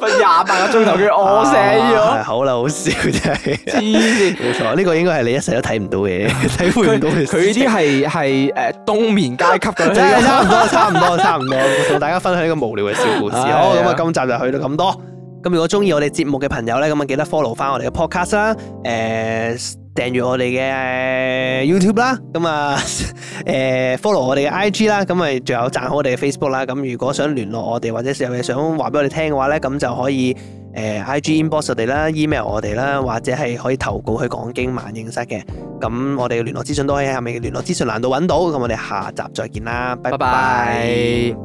瞓廿八個鐘頭佢餓醒咗。好啦，好笑真係，冇錯，呢個應該係你一世都睇唔到嘅，體會唔到嘅。佢呢啲係係誒冬眠階級咁樣，差唔多，差唔多，差唔多。同大家分享一個無聊嘅小故事。好，咁啊，今集就去到咁多。咁如果中意我哋節目嘅朋友呢，咁啊記得 follow 翻我哋嘅 podcast 啦，誒訂閱我哋嘅 YouTube 啦，咁、嗯、啊誒、 呃、follow 我哋嘅 IG 啦，咁啊仲有讚好我哋嘅 Facebook 啦，咁如果想聯絡我哋或者有嘢想話俾我哋聽嘅話呢，咁就可以誒、呃、IG inbox 我哋啦，email 我哋啦，或者係可以投稿去講經萬應室嘅，咁我哋嘅聯絡資訊都可以喺下面嘅聯絡資訊欄度搵到，咁我哋下集再見啦，拜拜。